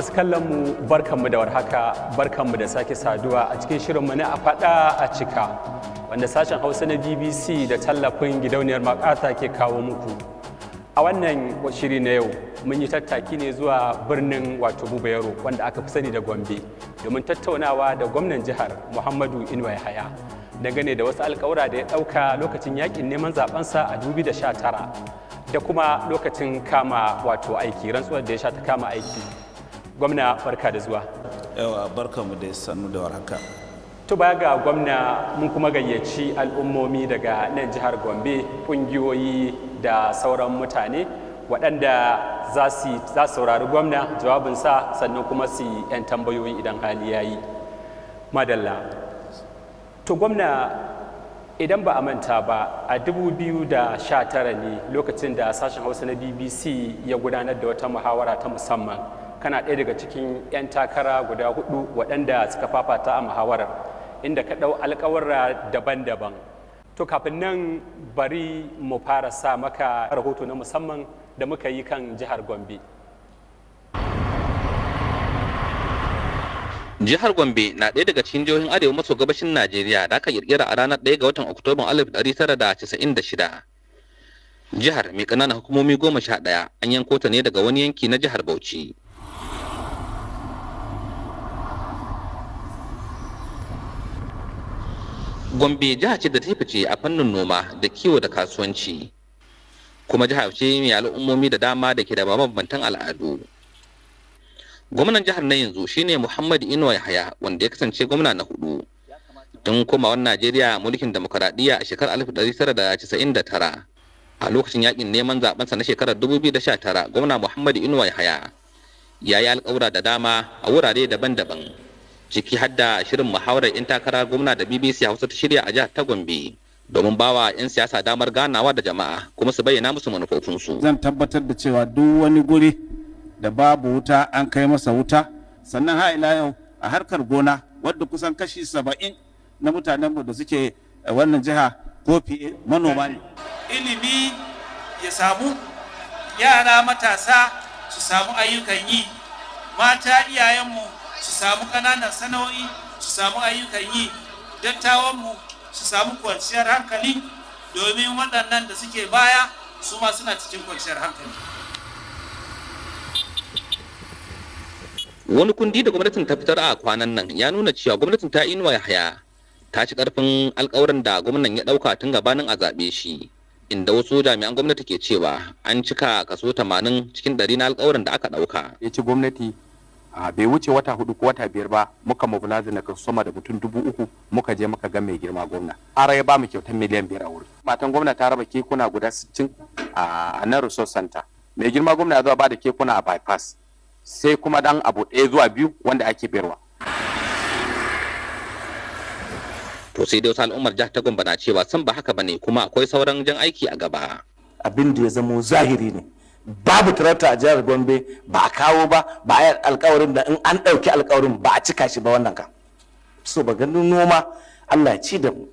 masu kallon mu barkanmu da warhaka barkanmu da sake saduwa a cikin shirin mu na a faɗa a cika wanda sashen hausa na bbc da tallafin gidauniyar makata ke kawo muku a wannan shiri na yau mun yi tattaki ne zuwa birnin wato bubayaro wanda aka fi sani da gombe domin tattaunawa da gwamnan jihar muhammadu inuwa haya dangane da wasu alkawura da ya ɗauka lokacin yakin neman zabensa a 2019 da kuma lokacin kama wato aiki rantsuwar da ya sha ta kama aiki gwamna barka da zuwa yawa barka mu da sannu da warhaka to baya ga gwamna mun kuma gayyaci al'ummomi daga nan jihar gombe ƙungiyoyi da sauran mutane waɗanda za su saurari gwamna jawabinsa sannan kuma su 'yan tambayoyi idan hali ya yi madalla to gwamna idan ba a manta ba a 2019 ne lokacin da sashen hausa na bbc ya gudanar da wata muhawara ta musamman kana ɗaya daga cikin 'yan takara guda hudu waɗanda suka fafata a muhawarar inda ka ɗau alkawarra daban-daban to kafin nan bari mu fara sa maka rahoto na musamman da muka yi kan jihar gombe Jihar Gombe na ɗaya daga cikin jihohin Arewa maso gabashin Najeriya da aka kirkira a ranar ɗaya ga watan Oktoban 1996. Jihar mai ƙananan hukumomi goma sha ɗaya an yanko ta ne daga wani yanki na jihar Bauchi. Gombe jiha ce da ta fice a fannin noma da kiwo da kasuwanci kuma jiha ce mai al'ummomi da dama da ke da mabambantan al'adu. Gwamnan jihar na yanzu shine Muhammad Inuwa Yahaya wanda ya kasance gwamna na hudu. Tun komawar Najeriya mulkin demokuraɗiyya a shekarar 1999 a lokacin yakin neman zabensa na shekarar 2019 gwamna Muhammad Inuwa Yahaya ya yi alƙawura da dama a wurare daban-daban. ciki har da shirin muhawarar 'yan takarar gwamna da bbc hausa ta shirya a jihar ta gombe domin bawa 'yan siyasa damar ganawa da jama'a kuma su bayyana musu manufofinsu zan tabbatar da cewa duk wani guri da babu wuta an kai masa wuta sannan ha ila yau a harkar gona wadda kusan kashi saba'in na mutanenmu da suke eh, wannan jiha ko fiye manoma ne ilimi ya samu yara matasa su samu ayyukan yi mata iyayenmu su samu ƙananan sana'o'i su samu ayyukan yi dattawanmu su samu kwanciyar hankali domin waɗannan da suke baya su ma suna cikin kwanciyar hankali wani kundi da gwamnatin ta fitar a kwanan nan ya nuna cewa gwamnatin ta inuwa yahaya ta ci karfin alkawarin da gwamnan ya ɗauka tun gabanin a zaɓe shi inda wasu jami'an gwamnati ke cewa an cika kaso 80 cikin ɗari na alkawarin da aka ɗauka ya ci gwamnati a ah, bai wuce wata hudu ko wata biyar ba muka mobilize na sama da mutum dubu uku muka je muka ga mai girma gwamna ara ya ba mu kyautar miliyan biyar a wuri matan gwamna ta raba kekuna guda sittin a nan resource center mai girma gwamna ya zuwa ba da kekuna a bypass sai kuma dan abu ɗaya zuwa biyu wanda ake biyarwa to sai dai wasu al'ummar jihar ta gombe na cewa san ba haka bane kuma akwai sauran jan aiki a gaba abin da ya zamo zahiri ne babu tarakta a jihar gombe ba a kawo ba ba a yi alkawarin da in an ɗauki alkawarin ba a cika shi ba wannan ka so ba ganin noma allah ci da mu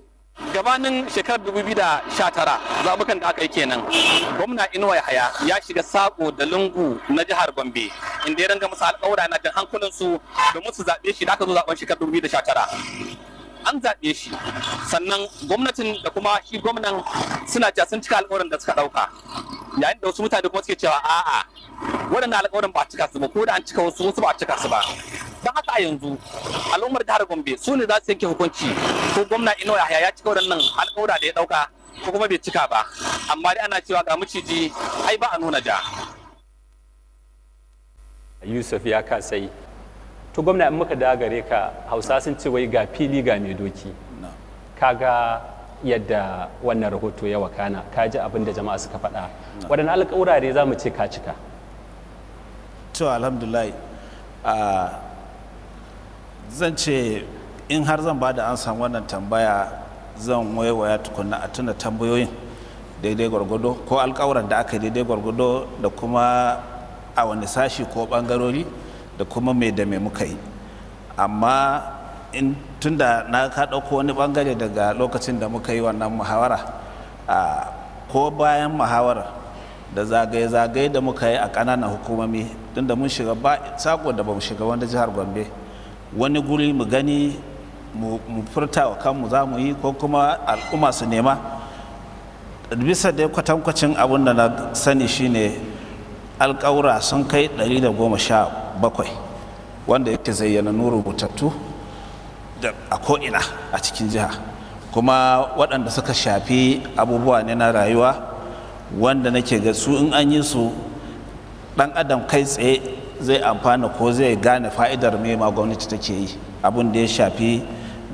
gabanin shekarar 2019 zaɓukan da aka yi kenan gwamna inuwa yahaya ya shiga sako da lungu na jihar gombe inda ya ranga musu alkawura na jan hankulansu domin su zaɓe shi da aka zo zaɓen shekarar 2019 an zaɓe shi sannan gwamnatin da kuma shi gwamnan suna cewa sun cika alƙawarin da suka ɗauka yayin da wasu mutane kuma suke cewa a'a waɗannan alƙawarin ba a cika su ba ko da an cika wasu wasu ba a cika su ba don haka a yanzu al'ummar jihar gombe su ne za su yanke hukunci ko gwamna ino yahaya ya cika waɗannan alƙawura da ya ɗauka ko kuma bai cika ba amma dai ana cewa ga maciji ai ba a nuna da yusuf ya kasai to gwamna in muka da gare ka hausa sun ce wai ga fili ga mai doki kaga yadda wannan rahoto ya wakana ka ji abin da jama'a suka faɗa waɗanne alƙawura za mu ce ka cika to alhamdulai zan ce in har zan ba da san wannan tambaya zan waiwaya tukuna a tuna tambayoyin daidai gwargwado ko alƙawuran da aka daidai gwargwado da kuma a wani sashi ko ɓangarori. da kuma mai da mai muka yi amma in tunda na ka ɗauko wani ɓangare daga lokacin da muka yi wannan muhawara a ko bayan muhawara da zagaye-zagaye da muka yi a ƙananan hukumomi tunda mun shiga ba sako da ba mu shiga wani jihar gombe wani guri mu gani mu furta wa kanmu za mu yi ko kuma al'umma su nema bisa dai kwatankwacin abin da na sani shine alƙawura sun kai 110 bakwai wanda yake zayyana rubutattu a ko'ina a cikin jiha kuma waɗanda suka shafi abubuwa ne na rayuwa wanda nake ga su in an yi su ɗan adam kai tsaye zai amfana ko zai gane fa'idar me ma gwamnati take yi abin da ya shafi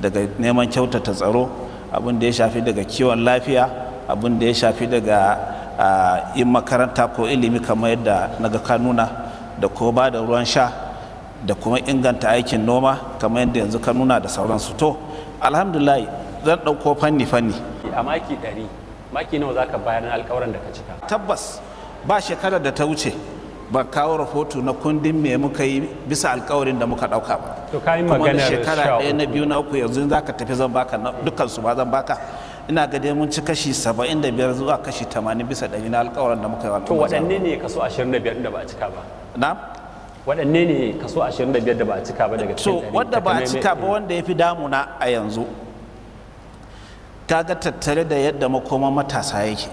daga neman kyautata tsaro abin da ya shafi daga kiwon lafiya abin da ya shafi daga ah, yin makaranta ko ilimi kamar yadda naga ka nuna da ko ba da ruwan sha da kuma inganta aikin noma kamar yadda yanzu ka nuna da sauransu to alhamdulillah zan ɗauko fanni fanni a maki ɗari maki nawa zaka bayar na alkawarin da ka cika tabbas ba shekarar da ta wuce ba kawo rahoto na kundin me muka yi bisa alkawarin da muka ɗauka ba to kai maganar shekara ɗaya na biyu na uku yanzu zaka tafi zan baka dukkan su ba zan baka ina ga dai mun ci kashi 75 zuwa kashi 80 bisa ɗari na alkawarin da muka yi to waɗanne ne kaso 25 da ba a cika ba na waɗanne ne kaso 25 da ba a cika ba daga cikin so wanda ba a cika ba wanda ya fi damuna a yanzu kaga tattare da yadda makoma matasa yake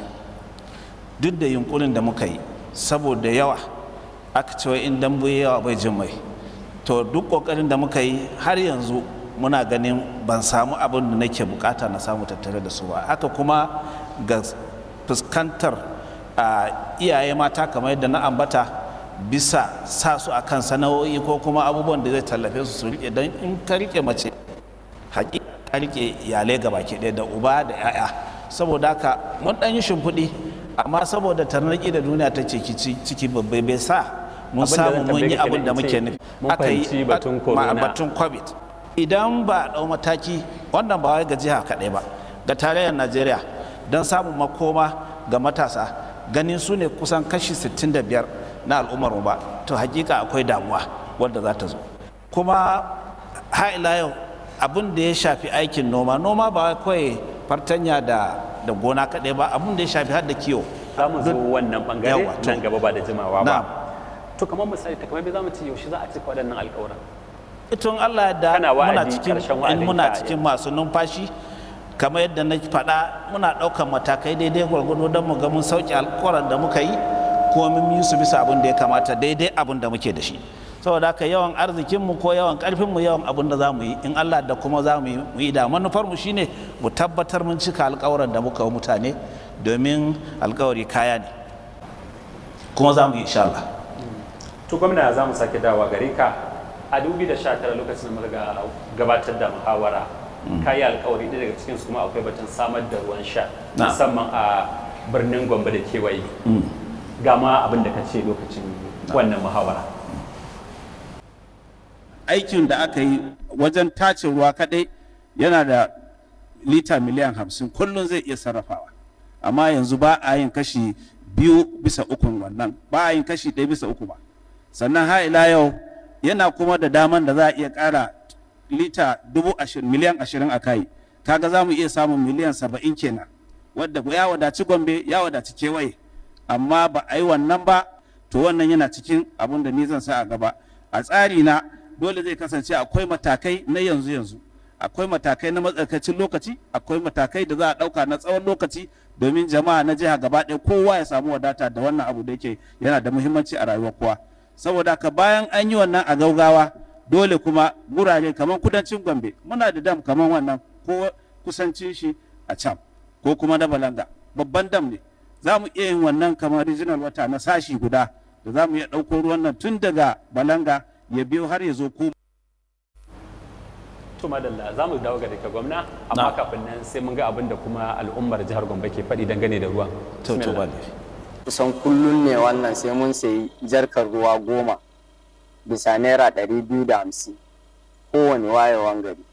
duk da yunkurin da muka yi saboda yawa aka cewa in dambu yawa bai jin mai to duk kokarin da muka yi har yanzu muna ganin ban samu abin da nake bukata na samu tattare da su ba haka kuma ga fuskantar iyaye mata kamar yadda na ambata bisa sa su akan sana'o'i ko kuma abubuwan da zai tallafe su su rike don in ka rike mace haƙiƙa ka rike yale ga baki ɗaya da uba da 'ya'ya saboda haka mun ɗan yi shimfiɗi amma saboda tarnaƙi da duniya ta ce ciki babbai bai sa mun samu mun yi abin da muke nufi aka yi batun covid idan ba a ɗau mataki wannan ba wai ga jiha kaɗai ba ga tarayyar najeriya don samun makoma ga matasa ganin su ne kusan kashi 65 na al'ummar mu ba to hakika akwai damuwa wanda za ta zo kuma ila yau abin da ya shafi aikin noma noma ba kawai fartanya da da gona kaɗai ba abin da ya shafi har da kiwo za mu zo wannan bangare nan gaba ba da jimawa ba to kamar misali ta kamar za mu ci yaushe za a cika waɗannan alƙawarin itun Allah da muna cikin in muna cikin masu numfashi kamar yadda na faɗa muna ɗaukar matakai daidai gwargwado don mu ga mun sauke alƙawarin da muka yi komin mun su bisa abin da ya kamata daidai abin da muke da shi saboda haka yawan arzikinmu ko yawan karfinmu yawan abin da za mu yi in allah da kuma za mu yi da manufarmu shine mu tabbatar mun cika alkawarin da muka wa mutane domin alkawari kaya ne kuma za mu yi insha allah to gwamna za mu sake dawa gare ka a dubi da sha lokacin da gabatar da muhawara mm. ka yi alkawari ɗaya daga cikinsu kuma akwai batun samar da ruwan sha musamman a birnin gombe da kewaye mm. ga abin da ka ce lokacin wannan muhawara aikin da aka yi wajen tace ruwa kadai yana da lita miliyan hamsin kullum zai iya sarrafawa amma yanzu ba a yin kashi biyu bisa uku wannan ba a yin kashi ɗaya bisa uku ba sannan ha ila yau yana kuma da daman da za a iya ƙara lita dubu ashirin miliyan ashirin a kai kaga za mu iya samun miliyan saba'in kenan wadda ya wadaci gombe ya wadaci kewaye amma ba a yi wannan ba to wannan yana cikin abin da ni zan sa a gaba a tsari na dole zai kasance akwai matakai na yanzu yanzu akwai matakai na matsakaicin lokaci akwai matakai da za a ɗauka na tsawon lokaci domin jama'a na jiha gaba ɗaya kowa ya samu wadata da wannan abu da yake yana da muhimmanci a rayuwar kowa saboda ka bayan an yi wannan a gaugawa dole kuma gurare kamar kudancin gombe muna da dam kamar wannan ko kusancin shi a can ko kuma na balanga babban dam ne za mu iya yin wannan kamar regional wata na sashi guda da za mu iya ɗauko ruwan nan tun daga balanga ya biyo har ya zo kuma to madalla za mu dawo ga daga gwamna amma kafin nan sai mun ga abin da kuma al'ummar jihar gombe ke faɗi dangane da ruwan to to kusan kullun ne wannan sai mun sayi jarkar ruwa goma bisa naira ɗari biyu da hamsin kowane wayewan gari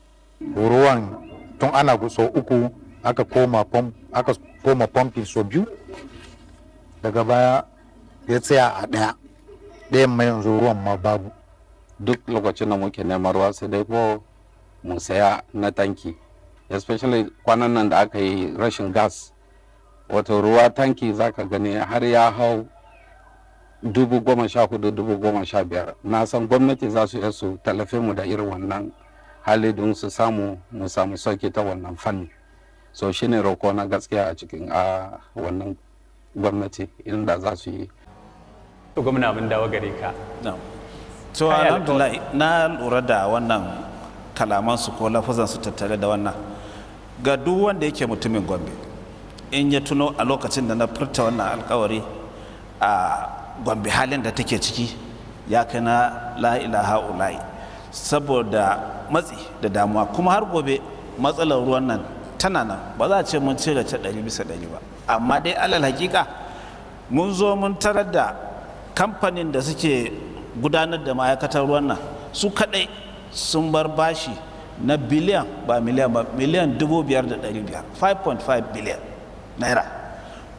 ruwan tun ana so uku aka koma pom aka koma so biyu daga baya ya tsaya a ɗaya ɗayan mai yanzu ruwan ma babu duk lokacin da muke neman ruwa sai dai ko mu saya na tanki especially kwanan nan da aka yi rashin gas wato ruwa tanki za ka gani har ya hau dubu goma sha hudu dubu goma sha biyar na san gwamnati za su iya su tallafe mu da irin wannan hali don su samu mu samu sauki ta wannan fanni so shine roko na gaskiya a cikin a wannan gwamnati inda za su yi gwamna abin dawo gare ka to alhamdulillah na lura da wannan kalamansu ko lafazansu tattare da wannan ga duk wanda yake mutumin gombe in ya tuno a lokacin da na furta wannan alkawari a gombe halin da take ciki ya kai na la'ilaha ulai saboda matsi da damuwa kuma har gobe matsalar ruwan nan tana nan ba za a ce mun cire ta ɗari bisa ɗari ba amma dai alal hakika mun zo mun tarar da kamfanin da suke gudanar da ma'aikatar ruwan nan su kadai sun bar bashi na biliyan ba miliyan ba miliyan dubu biyar da ɗari biyar 5.5 biliyan naira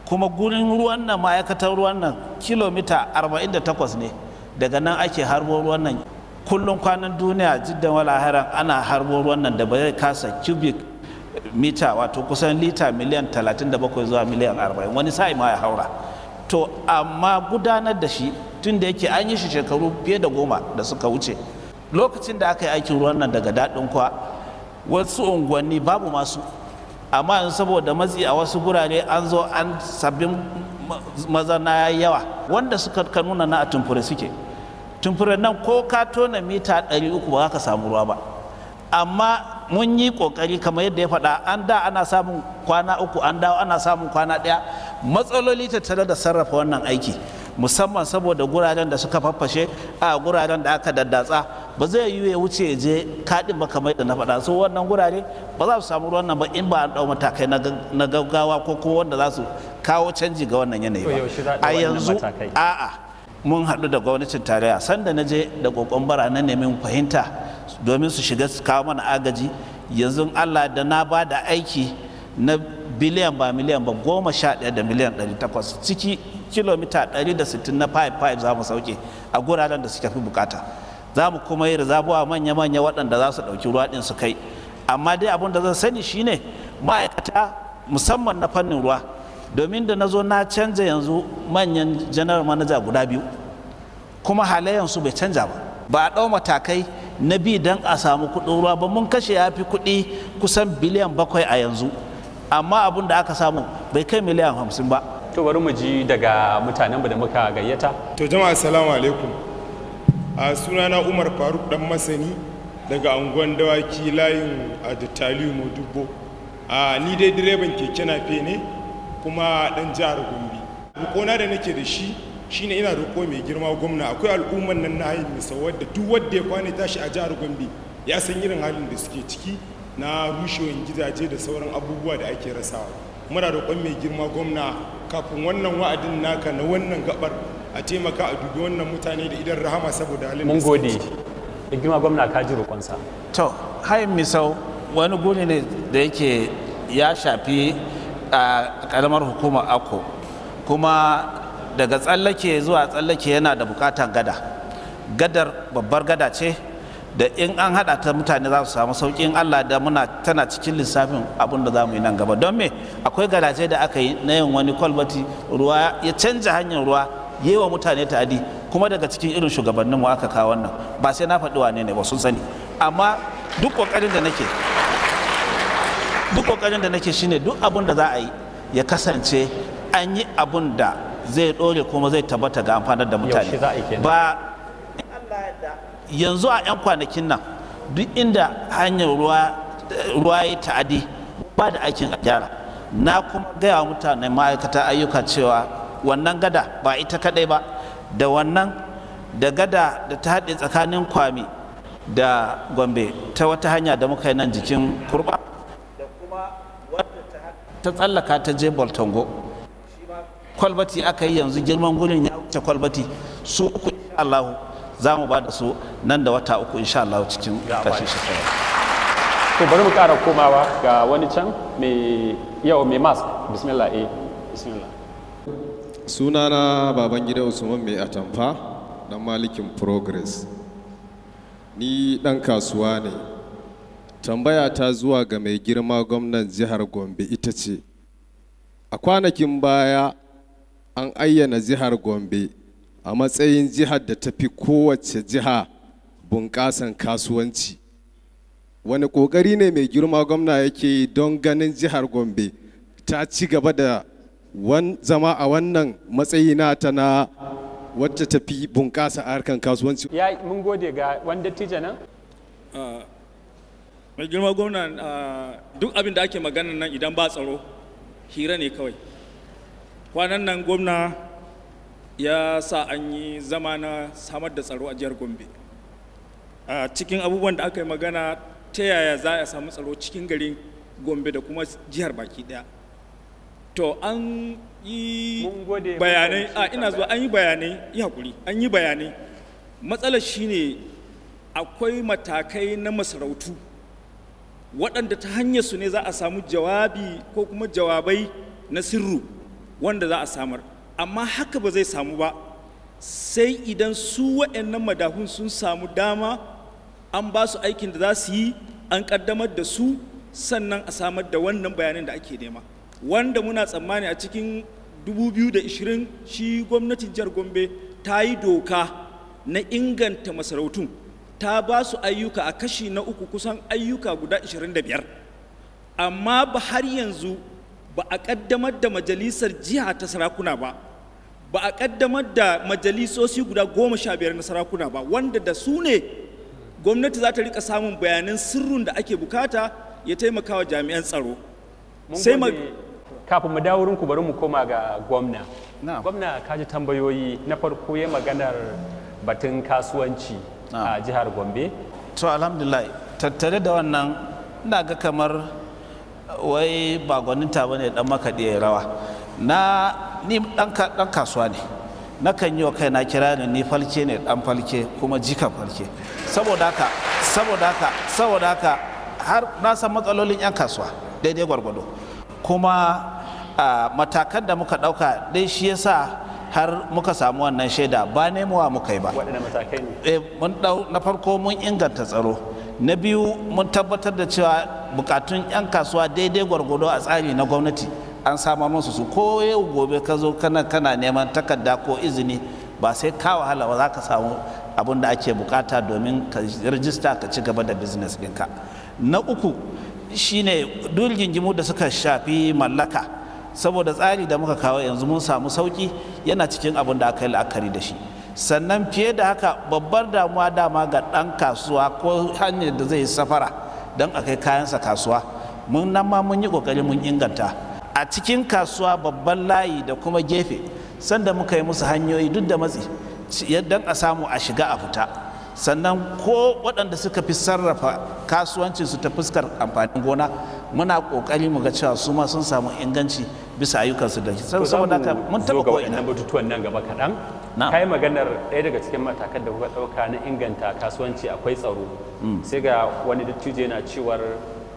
kuma gurin ruwan nan ma'aikatar ruwan nan kilomita 48 ne daga nan ake harbo ruwan nan kullum kwanan duniya jiddan wala ana harbo ruwan nan da ba zai kasa cubic mita wato kusan lita miliyan 37 zuwa miliyan 40 wani sa'i ma ya haura to amma gudanar da shi tun da yake an yi shi shekaru fiye da goma da suka wuce lokacin da aka yi aikin ruwan nan daga daɗin kuwa wasu unguwanni babu masu amma yanzu saboda matsi a wasu gurare an zo an sabbin mazana ya yawa wanda suka ka nuna na a tumfure suke tumfure nan ko ka tona mita 300 ba ka samu ruwa ba amma mun yi kokari kamar yadda ya faɗa an da ana samun kwana uku an dawo ana samun kwana ɗaya matsaloli tattare da sarrafa wannan aiki musamman saboda guraren da suka faffashe a guraren da aka daddatsa ba zai yi ya wuce ya je kaɗin ba kamar da na faɗa so wannan gurare ba za su samu ruwan nan ba in ba an ɗau matakai na gaggawa ko kuma wanda za su kawo canji ga wannan yanayi ba a yanzu a'a mun haɗu da gwamnatin tarayya sanda na je da ƙoƙon bara na nemin fahimta domin su shiga su kawo mana agaji yanzu allah da na ba da aiki na biliyan ba miliyan ba goma sha ɗaya da miliyan ɗari takwas ciki kilomita ɗari da sittin na fayif fayif za mu sauke a guraren da suka fi bukata za mu kuma yi rizabuwa manya-manya waɗanda za su ɗauki ruwa ɗin su kai amma dai abin da zan sani shine ma'aikata musamman na fannin ruwa domin da na zo na canza yanzu manyan janar manaja guda biyu kuma halayen su bai canza ba ba a ɗau matakai na bi don a samu kuɗin ruwa ba mun kashe ya fi kuɗi kusan biliyan bakwai a yanzu amma abin da aka samu bai kai miliyan hamsin ba to bari mu ji daga mutanenmu da muka gayyata to jama'a assalamu alaikum a sunana umar faruk dan masani daga unguwan dawaki layin a dubbo a ni dai direban keke na ne kuma ɗan jihar gombe rukona da nake da shi shine ina roko mai girma gwamna akwai al'ummar nan na hayin misa wadda duk wadda ya kwana tashi a jihar gombe ya san irin halin da suke ciki na rushewar gidaje da sauran abubuwa da ake rasawa muna roƙon mai girma gwamna kafin wannan wa'adin naka na wannan gabar a taimaka a dubi wannan mutane da idan rahama saboda halin mun gode da girma gwamna ka ji roƙonsa to hayin misau wani guri ne da yake ya shafi a kalamar hukumar ako kuma daga tsallake zuwa tsallake yana da bukatar gada gadar babbar gada ce da in an hada ta mutane za su samu sauƙin allah da muna tana cikin lissafin abin da za mu yi nan gaba don me akwai gadaje da aka yi na yin wani kwalbati ruwa ya canja hanyar ruwa yi wa mutane ta'adi kuma daga cikin irin shugabannin mu aka kawo wannan ba sai na faɗi wane ne ba sun sani amma duk ƙoƙarin da nake duk kokarin da nake shine duk abun da za a yi ya kasance an yi abun da zai dore kuma zai tabbata ga amfanar da mutane ba yanzu a 'yan kwanakin nan duk inda hanyar ruwa ya ta'adi ba da aikin a gyara na kuma gaya mutane ma'aikata ayyuka cewa wannan gada ba ita kadai ba da wannan da gada da ta haɗe tsakanin kwami da gombe ta wata hanya da muka yi nan jikin kurba ta tsallaka ta je boltongo kwalbati aka yi yanzu girman gurin ya wuce kwalbati su uku Allah za mu ba da su nan da wata uku insha Allah cikin kashin shekara to bari mu ƙara komawa ga wani can mai yau mai mask bismillah eh bismillah sunana baban gida usman mai atamfa dan malikin progress ni dan kasuwa ne tambaya ta zuwa ga mai girma gwamnan jihar gombe ita ce a kwanakin baya an ayyana jihar gombe a matsayin jihar da ta fi kowace jiha bunƙasan kasuwanci wani ƙoƙari ne mai girma gwamna yake yi don ganin jihar gombe ta ci gaba da zama a wannan matsayi nata na wacce ta fi bunƙasa harkar kasuwanci ya mun gode ga wanda tijanan ah, mai girma gwamna duk abin da ake magana nan idan ba tsaro hira ne kawai kwanan nan gwamna ya sa an yi zama na samar da tsaro a jihar gombe a cikin abubuwan da aka yi magana ta yaya za a samu tsaro cikin garin gombe da kuma jihar baki daya to an yi bayanai a ina zuwa an yi bayanai yi hakuri an yi bayanai matsalar shine akwai matakai na masarautu waɗanda ta hanyar su ne za a samu jawabi ko kuma jawabai na sirru wanda za a samar amma haka ba zai samu ba sai idan su waɗannan madahun sun samu dama an ba su aikin da za su yi an ƙaddamar da su sannan a samar da wannan bayanin da ake nema wanda muna tsammani a cikin 2020 shi gwamnatin jihar gombe ta yi doka na inganta masarautun ta ba su ayyuka a kashi na uku kusan ayyuka guda 25 amma ba har yanzu ba a ƙaddamar da majalisar jiha ta sarakuna ba ba a ƙaddamar da majalisosi guda goma sha biyar na sarakuna ba wanda da su ne gwamnati za ta rika samun bayanan sirrin da ake bukata ya taimaka wa jami'an tsaro sai kafin mu dawo ku bari mu koma ga gwamna gwamna kaji tambayoyi na farko ya maganar batun kasuwanci Ah. a jihar gombe to alhamdulillah tattare da wannan ina ga kamar wai ba gwaninta bane dan makaɗi ya rawa na ni dan kasuwa ne na kan yi wa kaina kira ne ni falke ne dan falke kuma jika falke saboda haka saboda haka saboda haka har na san matsalolin yan kasuwa daidai gwargwado kuma matakan da muka ɗauka dai shi yasa har muka samu wannan shaida ba nemowa muka yi ba eh, mun dau na farko mun inganta tsaro na biyu mun tabbatar da cewa bukatun 'yan kasuwa daidai gwargwado a tsari na gwamnati an samar musu su ko yau gobe ka zo kana kana neman takarda ko izini ba sai ka wahala ba za ka samu abin da ake bukata domin ka rijista ka ci gaba da business ɗinka na uku shine duk gingimu da suka shafi mallaka saboda tsari da muka kawo yanzu mun samu sauki yana cikin abin da aka yi la'akari da shi sannan fiye da haka babbar damuwa dama ga ɗan kasuwa ko hanyar da zai safara don a kai kayansa kasuwa mun nan ma mun yi ƙoƙari mun inganta a cikin kasuwa babban layi da kuma gefe sanda muka yi musu hanyoyi duk da matsi don a samu a shiga a fita sannan ko waɗanda suka fi sarrafa kasuwancinsu ta fuskar amfanin gona muna kokari mu ga cewa su ma sun samu inganci bisa ayyukansu da saboda ka mun taba ko ina batutuwan nan gaba kaɗan kai maganar ɗaya daga cikin matakan da kuka ɗauka na inganta kasuwanci akwai tsaro mm. sai ga wani dattijo yana cewar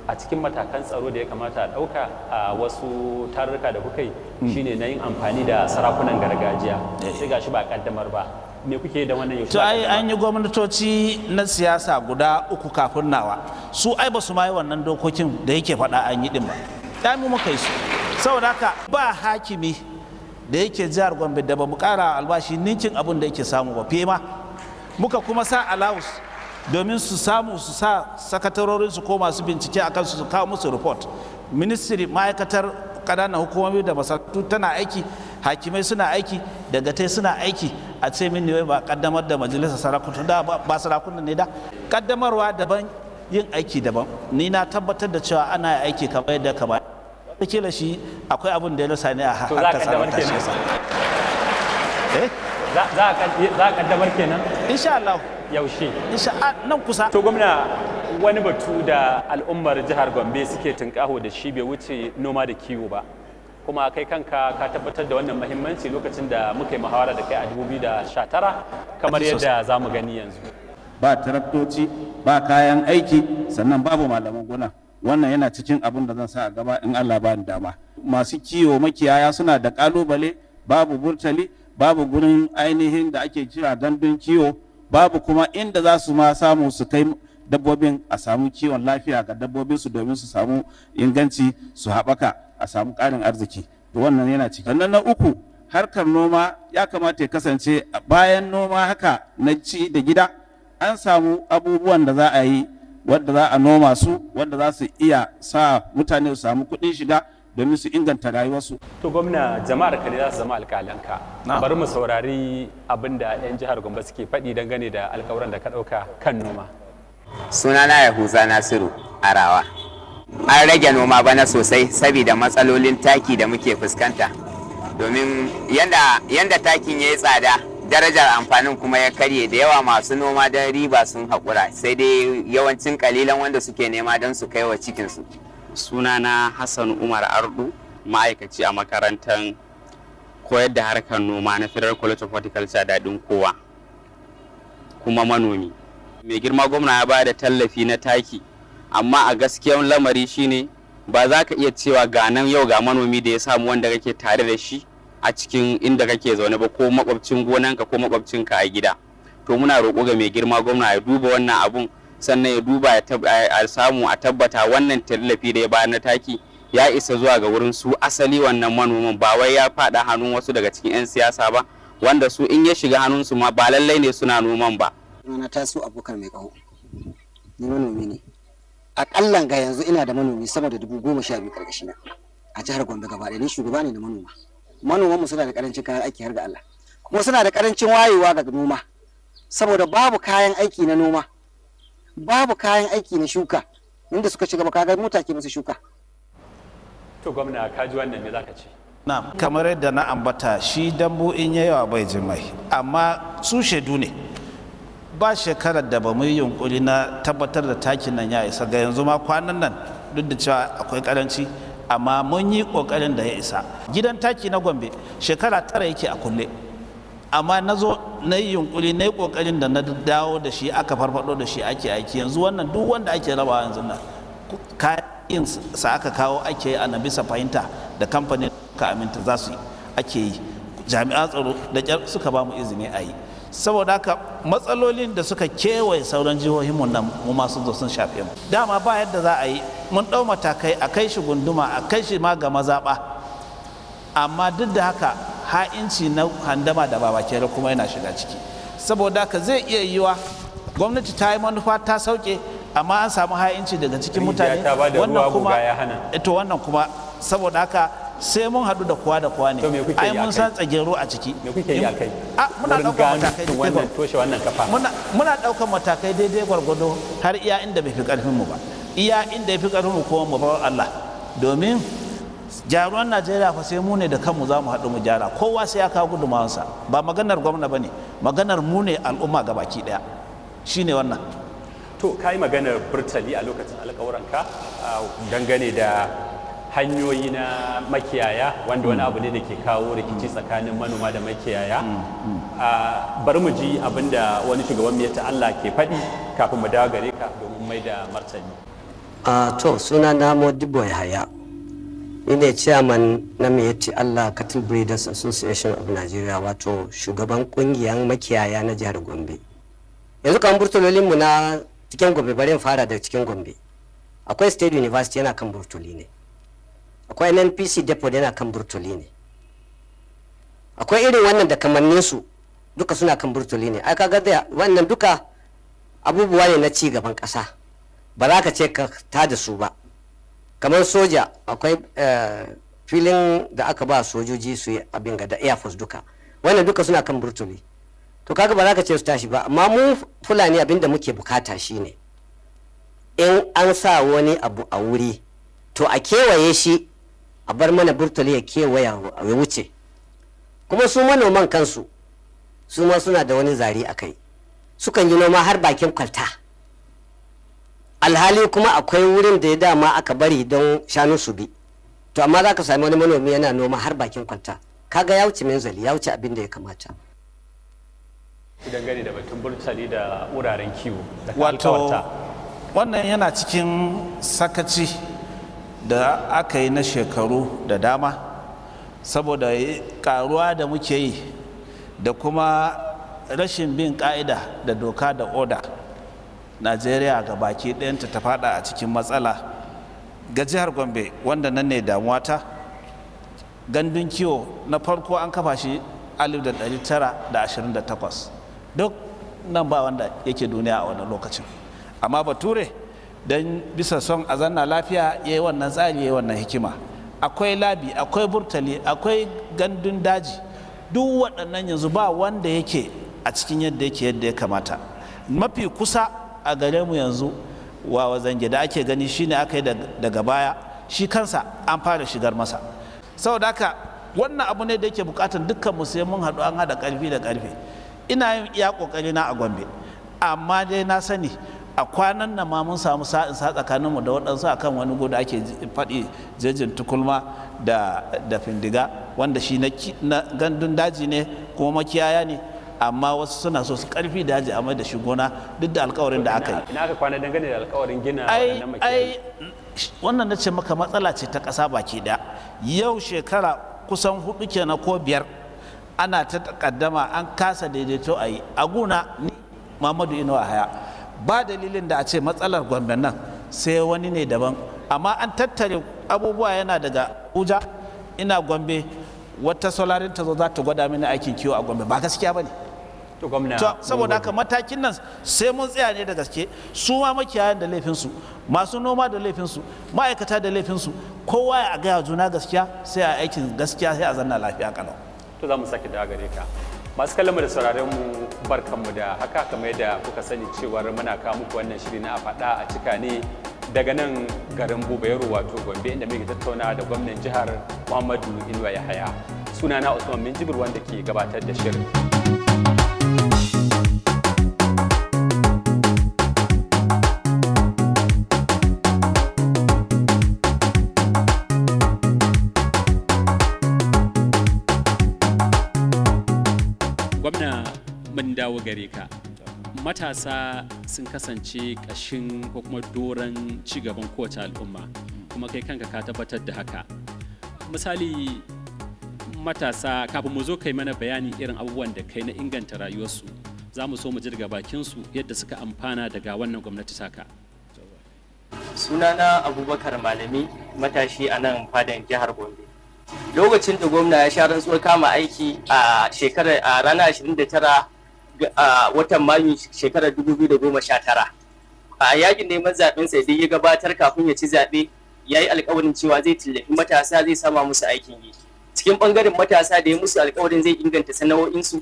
a cikin matakan tsaro da ya kamata a ɗauka a wasu tarurruka da kuka yi mm. shine na yin amfani da sarakunan gargajiya eh. sai ga shi ba ƙaddamar ba me kuke da wannan yau. to ai an yi gwamnatoci na siyasa guda uku kafin nawa su ai ba su mai wannan dokokin da yake faɗa an yi din ba ya mu muka yi su saboda haka ba hakimi da yake jihar gombe da ba mu kara albashi ninkin abin da yake samu ba fema muka kuma sa alaus domin su samu su sa sakatarorin ko masu bincike akan su kawo musu report ministry ma'aikatar ƙananan hukumomi da masarautu tana aiki hakimai suna aiki dagatai suna aiki a ce min ne ba kaddamar da majalisar sarakuna da ba sarakunan ne da kaddamarwa daban yin aiki daban ni na tabbatar da cewa ana aiki kamar yadda kamar kila shi akwai abin da ya lusa ne a haka sarauta shi eh? Eh? za a kaddamar kenan insha Allah yaushe insha nan kusa to gwamna wani batu da al'ummar jihar gombe suke tunkaho da shi bai wuce noma da kiwo ba kuma kai kanka ka tabbatar da wannan mahimmanci lokacin da muka yi muhawara da kai a 2019 kamar yadda za mu gani yanzu ba taraktoci ba kayan aiki sannan babu malaman gona wannan yana cikin abin da zan sa a gaba in Allah ba ni dama masu kiwo makiyaya suna da kalubale babu burtali babu gurin ainihin da ake kira dandun kiwo babu kuma inda za su ma samu su kai dabbobin a samu kiwon lafiya ga dabbobin su domin su samu inganci su haɓaka a samu ƙarin arziki to wannan yana ciki sannan na uku harkar noma ya kamata ya kasance bayan noma haka na ci da gida an samu abubuwan da za a yi wadda za a noma su wadda za su iya sa mutane su samu kuɗin shiga domin su inganta rayuwarsu. To gwamna jama'ar ka za su zama alƙalanka. Bari mu saurari abin da 'yan jihar Gombe suke faɗi dangane da alƙawuran da ka ɗauka kan noma. Sunana Yahuza Nasiru Arawa. An rage noma bana sosai saboda matsalolin taki da muke fuskanta. Domin yanda takin ya yi tsada darajar amfanin kuma ya karye da yawa masu noma don riba sun haƙura sai dai yawancin kalilan wanda suke nema don su kai wa cikinsu. sunana hassan umar ardu ma'aikaci a makarantar koyar da harkar noma na federal college of horticulture daɗin kowa kuma manomi mai girma gwamna ya bada tallafi na taki amma a gaskiyan lamari shine ba za ka iya cewa ga nan yau ga manomi da ya samu wanda kake tare da shi a cikin inda kake zaune ba ko makwabcin gonanka ko makwabcinka a gida to muna roƙo ga mai girma gwamna ya duba wannan abun sannan ya duba a samu a tabbata wannan tallafi da ya bayar na taki ya isa zuwa ga wurin su asali wannan manoman ba wai ya faɗa hannun wasu daga cikin 'yan siyasa ba wanda su in ya shiga hannunsu ma ba lallai ne suna noman ba. ta taso abokan mai ƙaho. Ni manomi ne. a Aƙalla ga yanzu ina da manomi sama da dubu goma sha biyu ƙarƙashi na a jihar Gombe gaba ɗaya ni shugaba ne na manoma. Manoman mu suna da ƙarancin kayan aiki har ga Allah. Kuma suna da ƙarancin wayewa ga noma. Saboda babu kayan aiki na noma. babu kayan aiki na shuka inda suka shiga kaga mota ke musu shuka to gwamna ka ji wannan me zaka ce na kamar yadda na ambata shi dambu in yawa bai ji jimai amma su shaidu ne ba shekarar da ba mu yi yunkuri na tabbatar da takin nan ya isa ga yanzu ma kwanan nan duk da cewa akwai karanci amma mun yi kokarin da ya isa gidan taki na gombe shekara tara yake a kulle amma na zo na yi yunkuri na yi kokarin da na dawo da shi aka farfado da shi ake aiki yanzu wannan duk wanda ake raba yanzu na kayan sa aka kawo ake yi a na bisa fahimta da kamfanin ka aminta za su ake yi jami'an tsaro da kyar suka ba mu izini a yi saboda haka matsalolin da suka kewaye sauran jihohin mu nan mu masu zo sun shafe mu dama ba yadda za a yi mun ɗau matakai a kai shi gunduma a kai shi ma ga mazaɓa amma duk da haka ha'inci na handama da babakere kuma yana shiga ciki saboda ka zai iya yiwa gwamnati ta yi manufa ta sauke amma an samu ha'inci daga cikin mutane wannan kuma eh, to wannan kuma saboda haka sai mun haɗu da kowa da kowa ne ai mun san tsagero a ciki a ah, muna ɗaukar matakai wannan toshe wannan kafa muna muna ɗaukar matakai daidai gwargwado har iya inda bai fi ƙarfin mu ba iya inda ya fi ƙarfin mu kuma mu bar Allah domin jaruwan najeriya fa sai mu ne da kanmu za mu haɗu mu gyara kowa sai ya kawo gudunmawansa ba maganar gwamna ba ne maganar mu ne al'umma ga baki ɗaya shine wannan to ka yi maganar burtali a lokacin alkawuranka dangane da hanyoyi na makiyaya wanda wani abu ne da ke kawo rikici tsakanin manoma da makiyaya mm, mm. bari mu ji abin da wani shugaban mai Allah ke faɗi kafin mu dawo gare ka domin mai da martani to suna na ya haya ni ne chairman na meti Allah Cattle Breeders Association of Nigeria wato shugaban kungiyar makiyaya na jihar Gombe yanzu kan burtulolin mu na cikin Gombe bari fara da cikin Gombe akwai State University yana kan burtuli ne akwai NNPC depot yana kan burtuli ne akwai irin wannan da kamannin su duka suna kan burtuli ne ai kaga wannan duka abubuwa ne na ci gaban ƙasa ba za ka ce ka ta da su ba kamar soja akwai eh, filin da aka ba sojoji su yi abin ga da air force duka wannan duka suna kan burtuli to kaga ba za ka ce su tashi ba amma mu fulani abin da muke bukata shine in an sa wani abu a wuri to a kewaye shi a bar mana burtuli ya kewaya ya wuce kuma su manoman kansu su ma suna da wani zari a kai sukan yi noma har bakin kwalta alhali kuma akwai wurin da ya dama aka bari don shanu su bi to amma za ka sami wani manomi yana noma har bakin kwanta kaga ya wuce minzali ya wuce abin da ya kamata idan da batun da wuraren kiwo wato wannan yana cikin sakaci da aka yi na shekaru da dama saboda karuwa da muke yi da kuma rashin bin ka'ida da doka da oda najeriya ga baki ɗayanta ta fada a cikin matsala ga jihar gombe wanda nan ne damuwa ta gandun kiwo na farko an kafa shi 1928 duk nan ba wanda yake duniya a wani lokacin amma bature don bisa son a zanna lafiya ya yi wannan tsari ya yi wannan hikima akwai labi akwai burtali akwai gandun daji duk waɗannan yanzu ba wanda yake a cikin yadda yake yadda ya kamata mafi kusa a gare mu yanzu wawa wazan da ake gani shine aka yi daga baya shi kansa an fara shigar masa saboda haka wannan abu ne da yake bukatar dukkan mu sai mun haɗu an haɗa ƙarfi da ƙarfi ina yin iya ƙoƙari na a gombe amma dai na sani a kwanan nan ma mun samu sa'in sa tsakaninmu da waɗansu kan wani goda ake faɗi jejin tukulma da da findiga wanda shi na gandun daji ne kuma makiyaya ne amma wasu suna so su karfi da haji amma da shi duk da alkawarin da aka yi ina aka kwana dangane da alkawarin gina ai wannan na ce maka matsala ce ta ƙasa baki da yau shekara kusan hudu kenan ko biyar ana ta takaddama an kasa daidaito a yi a guna ni ino a Haya ba dalilin da a ce matsalar gwamnan nan sai wani ne daban amma an tattare abubuwa yana daga uja ina Gombe wata solarin ta zo za ta gwada mini aikin kiwo a Gombe ba gaskiya ba ne to saboda haka matakin nan sai mun tsaya ne da gaske su ma makiyayan da laifinsu masu noma da laifinsu ma'aikata da laifinsu kowa ya gaya juna gaskiya sai a aikin gaskiya sai a zanna lafiya kalau to za mu sake da gare ka masu kallon da sauraron mu barkanmu da haka kamar yadda kuka sani cewa muna kawo muku wannan shiri na a faɗa a cika ne daga nan garin bubayaro wato gombe inda muke tattauna da gwamnan jihar muhammadu inuwa yahaya sunana Usman Minjibir wanda ke gabatar da shirin. Gwamna mun dawo gare ka. Matasa sun kasance ƙashin ko kuma doron gaban kowace al'umma kuma kai kanka ka tabbatar da haka. Misali matasa kafin mu zo kai mana bayani irin abubuwan da kai na inganta rayuwarsu za mu so mu jirga bakinsu yadda suka amfana daga wannan gwamnati taka. sunana abubakar malami matashi a nan fadan jihar gombe lokacin da gwamna ya sha rantsuwar kama aiki a shekarar a ranar 29 a watan mayu shekarar 2019 a yakin neman zaɓen sai dai ya gabatar kafin ya ci zaɓe ya yi alkawarin cewa zai tallafi matasa zai sama musu aikin yi cikin bangaren matasa da ya musu alkawarin zai inganta sana'o'insu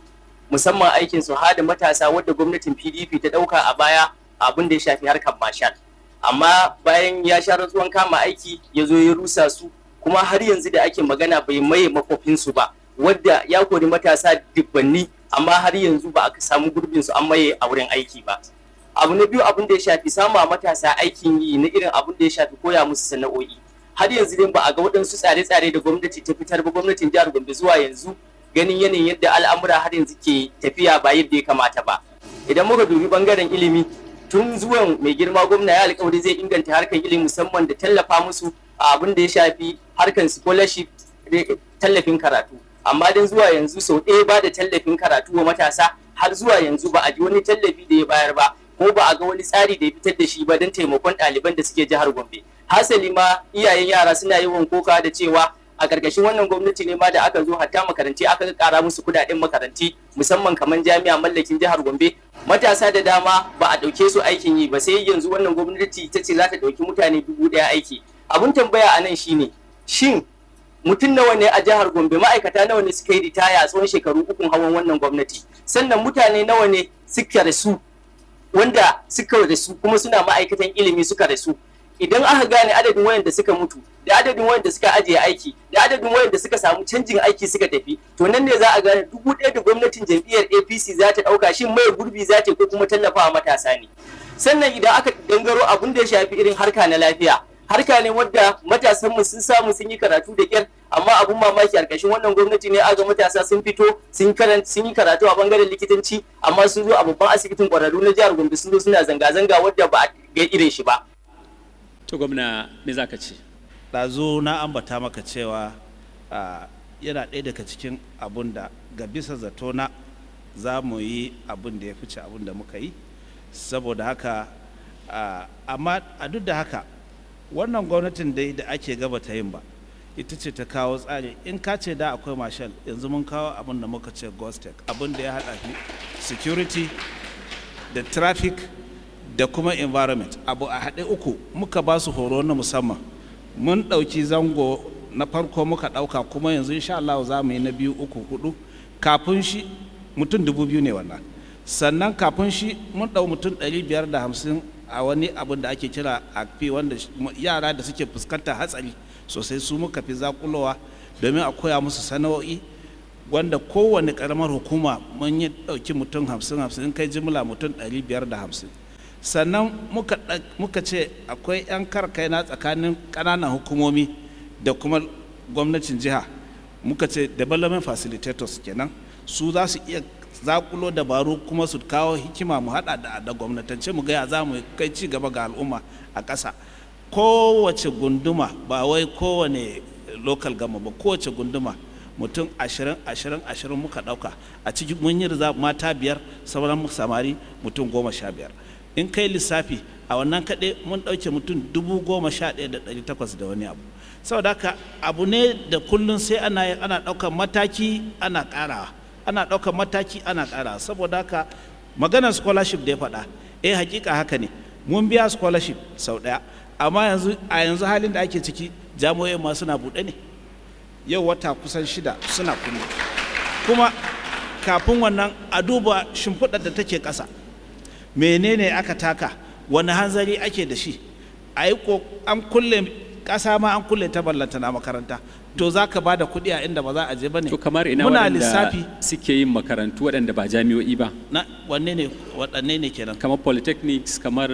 musamman aikin su hada matasa wadda gwamnatin pdp ta dauka a baya abin da ya shafi harkar mashal amma bayan ya sha rantsuwan kama aiki ya zo ya rusa su kuma har yanzu da ake magana bai maye makofin su ba wadda ya kori matasa dubbanni amma har yanzu ba aka samu gurbin su an maye a wurin aiki ba abu na biyu abin da ya shafi samu matasa aikin yi na irin abin da ya shafi koya musu sana'o'i har yanzu dai ba a ga waɗansu tsare-tsare da gwamnati ta fitar ba gwamnatin jihar Gombe zuwa yanzu ganin yanayin yadda al'amura har yanzu ke tafiya ba yadda ya kamata ba idan muka dubi bangaren ilimi tun zuwan mai girma gwamna ya alkawari zai inganta harkar ilimi musamman da tallafa musu a abin da ya shafi harkar scholarship tallafin karatu amma dan zuwa yanzu sau ɗaya ba da tallafin karatu wa matasa har zuwa yanzu ba a ji wani tallafi da ya bayar ba ko ba a ga wani tsari da ya fitar da shi ba don taimakon ɗaliban da suke jihar Gombe hasali ma iyayen yara suna yawan koka da cewa a karkashin wannan gwamnati ne ma da aka zo hatta makaranti aka kara musu kudaden makaranti musamman kamar jami'a mallakin jihar Gombe matasa da dama ba a ɗauke su aikin yi ba sai yanzu wannan gwamnati ta ce za ta dauki mutane dubu ɗaya aiki Abin tambaya a nan shine shin mutum nawa ne a jihar Gombe ma'aikata nawa ne suka yi ritaya tsawon shekaru ukun hawan wannan gwamnati sannan mutane nawa ne suka rasu wanda suka rasu kuma suna ma'aikatan ilimi suka rasu idan aka gane adadin da suka mutu da adadin da suka ajiye aiki da adadin wayanda suka samu canjin aiki suka tafi to nan ne za a gane dubu ɗaya da gwamnatin jam'iyyar APC za ta ɗauka shin mai gurbi za ta ko kuma tallafawa matasa ne sannan idan aka dangaro abin da ya shafi irin harka na lafiya harka ne wadda matasan mu sun samu sun yi karatu da kyar amma abun mamaki a ƙarshen wannan gwamnati ne a ga matasa sun fito sun yi karatu a bangaren likitanci amma sun zo a babban asibitin ƙwararru na jihar Gombe sun zo suna zanga-zanga wadda ba a ga irin shi ba to gwamna me za ka ce ɗazu na ambata maka cewa yana ɗaya daga cikin abun da ga bisa zato na za mu yi abun da ya fice abun da muka yi saboda haka amma a duk da haka wannan gwamnatin dai da ake gaba ta yin ba ita ce ta kawo tsari in ka ce da akwai marshal yanzu mun kawo abin da muka ce gostek abin da ya haɗa security da traffic da kuma environment abu a haɗe uku muka ba su horo na musamman mun ɗauki zango na farko muka ɗauka kuma yanzu insha Allah za mu yi na biyu uku hudu kafin shi mutum dubu biyu ne wannan sannan kafin shi mun ɗau mutum ɗari biyar da hamsin a wani abin da ake kira fi wanda yara da suke fuskantar hatsari sosai su muka fi zakulowa domin a koya musu sana'o'i wanda kowane karamar hukuma mun yi ɗauki mutum hamsin hamsin kai jimla mutum ɗari biyar da hamsin sannan muka ce akwai 'yan na tsakanin kananan hukumomi da kuma gwamnatin jiha muka ce development facilitators kenan su za su iya zakulo dabaru kuma su kawo hikima mu hada da gwamnatance mu gaya za mu kai ci gaba ga al'umma a ƙasa kowace gunduma ba wai kowane local gama ba kowace gunduma mutum ashirin ashirin ashirin muka ɗauka a cikin mun mata biyar sauran samari mutum goma sha biyar in kai lissafi a wannan kaɗe mun ɗauke mutum dubu goma sha ɗaya da ɗari takwas da wani abu saboda haka abu ne da kullum sai ana ana ɗaukar mataki ana ƙarawa ana ɗaukar mataki ana ƙarawa saboda haka maganar scholarship da ya faɗa eh hakika haka ne mun biya scholarship sau ɗaya amma yanzu a yanzu halin da ake ciki jami'oi ma suna buɗe ne yau wata kusan shida suna kuma kuma kafin wannan a duba shimfiɗar da take ƙasa menene aka taka wani hanzari ake da shi a yi an kulle ƙasa ma an kulle ta ballanta na makaranta to za ka ba da kuɗi a inda ba za a je ba ne to kamar ina muna lissafi suke yin makarantu waɗanda ba jami'o'i ba na wanne ne waɗanne ne kenan kamar polytechnics kamar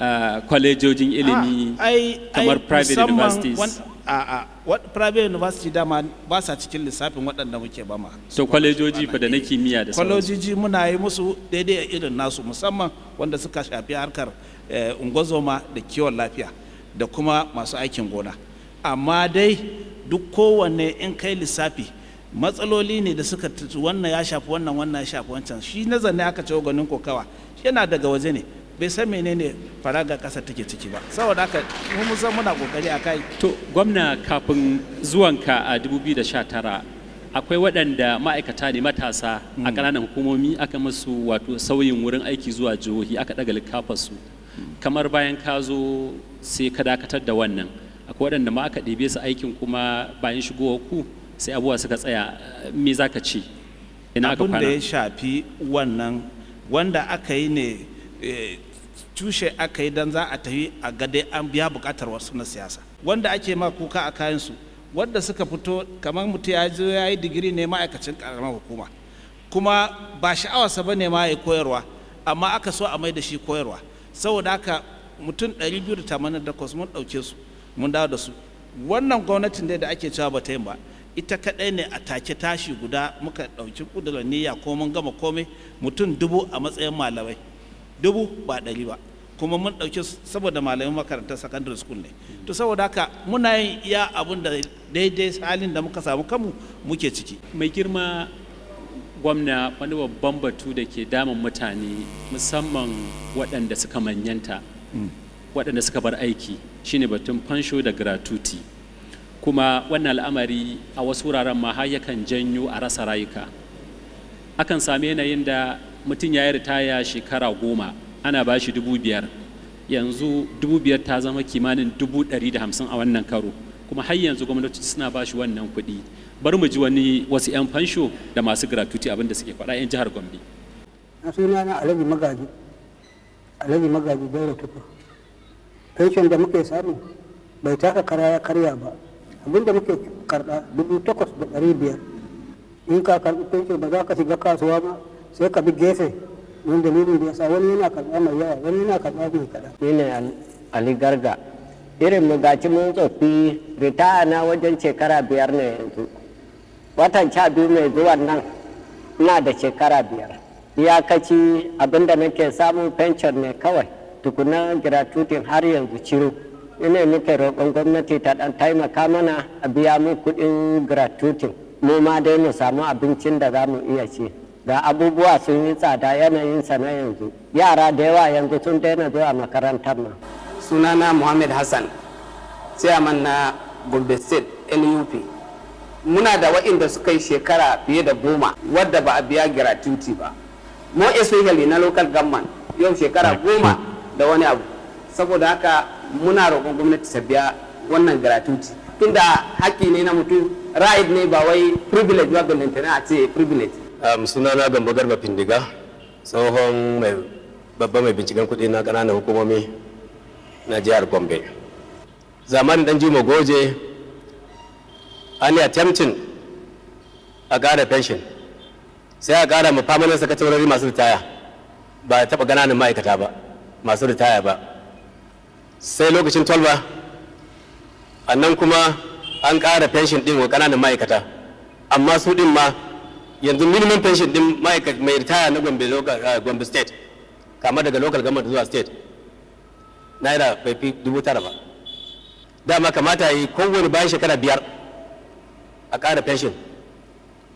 Ah, kwalejojin ilimi ah, kamar private universities ah, what private university dama ba sa cikin lissafin waɗanda muke ba ma so kwalejoji fa da na kimiyya da kwalejoji muna yi musu daidai irin nasu musamman wanda suka shafi harkar eh, ungozoma da kiwon lafiya da kuma masu aikin gona amma dai duk kowanne in kai lissafi matsaloli ne da suka wannan ya shafi wannan wannan ya shafi wancan shi na aka ce ganin kokawa yana daga waje ne bai san menene faraga ƙasa take ciki ba saboda haka mun san muna kokari a kai to gwamna kafin zuwanka a 2019 akwai waɗanda ma'aikata ne matasa a mm. ƙananan hukumomi aka musu wato sauyin wurin aiki zuwa jihohi aka ɗaga likafarsu mm. kamar bayan ka zo sai ka dakatar da wannan akwai waɗanda ma aka ɗebe su aikin kuma bayan shigowar ku sai abubuwa suka tsaya me za ka ce abin da ya shafi wannan wanda aka yi ne eh, cushe aka yi don za a tafi a gade an biya bukatar wasu na siyasa wanda ake ma kuka a kayansu wanda suka fito kamar mutum ya zo ya yi digiri ne ma'aikacin karamar hukuma kuma ba sha'awarsa ba ne ma ya koyarwa amma aka so a mai da shi koyarwa saboda haka mutum 288 mun ɗauke su mun dawo da su wannan gwamnatin dai da ake cewa ba ta yin ba ita kaɗai ne a take tashi guda muka ɗauki ƙudurar niyya ko mun gama komai mutum dubu a matsayin malamai dubu ba ɗari ba kuma mun ɗauki saboda malamin makarantar secondary school ne to saboda haka muna yin iya abin da daidai halin da muka samu kanmu muke ciki mai girma gwamna wani babban batu da ke damun mutane musamman waɗanda suka manyanta mm. waɗanda suka bar aiki shine batun fansho da gratuity kuma wannan al'amari a wasu wuraren ma har yakan janyo a rasa rayuka akan sami yanayin da mutum ya yi ritaya shekara goma ana ba shi dubu biyar yanzu dubu biyar ta zama kimanin dubu ɗari da hamsin a wannan karo kuma har yanzu gwamnati suna ba shi wannan kuɗi bari mu ji wani wasu 'yan fansho da masu gratuity abinda da suke faɗa 'yan jihar gombe Na suna na alhaji magaji alhaji magaji bai tufa pension da muke samu bai taka kara ya karya ba abin da muke karɗa dubu takwas da ɗari biyar in ka karɓi pension ba za ka shiga kasuwa ba sai ka bi gefe don dalilin da sa wani yana karɓa mai yawa wani yana karɓa mai kaɗan. ni ne ali garga irin mu gaci mun tsofi ritaya na wajen shekara biyar ne yanzu watan sha biyu mai zuwa nan ina da shekara biyar iyakaci abinda nake samu pension ne kawai tukuna gratuitin har yanzu ciro ina muke roƙon gwamnati ta ɗan taimaka mana a biya mu kuɗin gratuitin mu ma dai mu samu abincin da za mu iya ci. da abubuwa sun yi tsada yanayin sa na yanzu yara da yawa yanzu sun daina zuwa makarantar nan sunana muhammad hassan chairman na gombe state nup muna da waɗanda suka yi shekara fiye da goma wadda ba a biya gratuity ba mo especially na local government yau shekara goma da wani abu saboda haka muna roƙon gwamnati ta biya wannan gratuity tunda haƙƙi ne na mutum ra'id ne ba wai privilege ba balantana a ce privilege um, sunana gambo garba findiga tsohon babban mai binciken kuɗi na ƙananan hukumomi na jihar gombe zamanin dan jima goje an yi attempting a gada pension sai a ƙara ma permanent sakatarori masu ritaya ba a taɓa ƙananan ma'aikata ba masu ritaya ba sai lokacin tolba annan kuma an ƙara pension ɗin wa ƙananan ma'aikata amma su ɗin ma yanzu minimum pension din ma'aikata mai ritaya na gombe ah, gombe state kama daga local government zuwa state naira bai fi dubu tara ba dama kamata yi kowane bayan shekara biyar a ƙara pension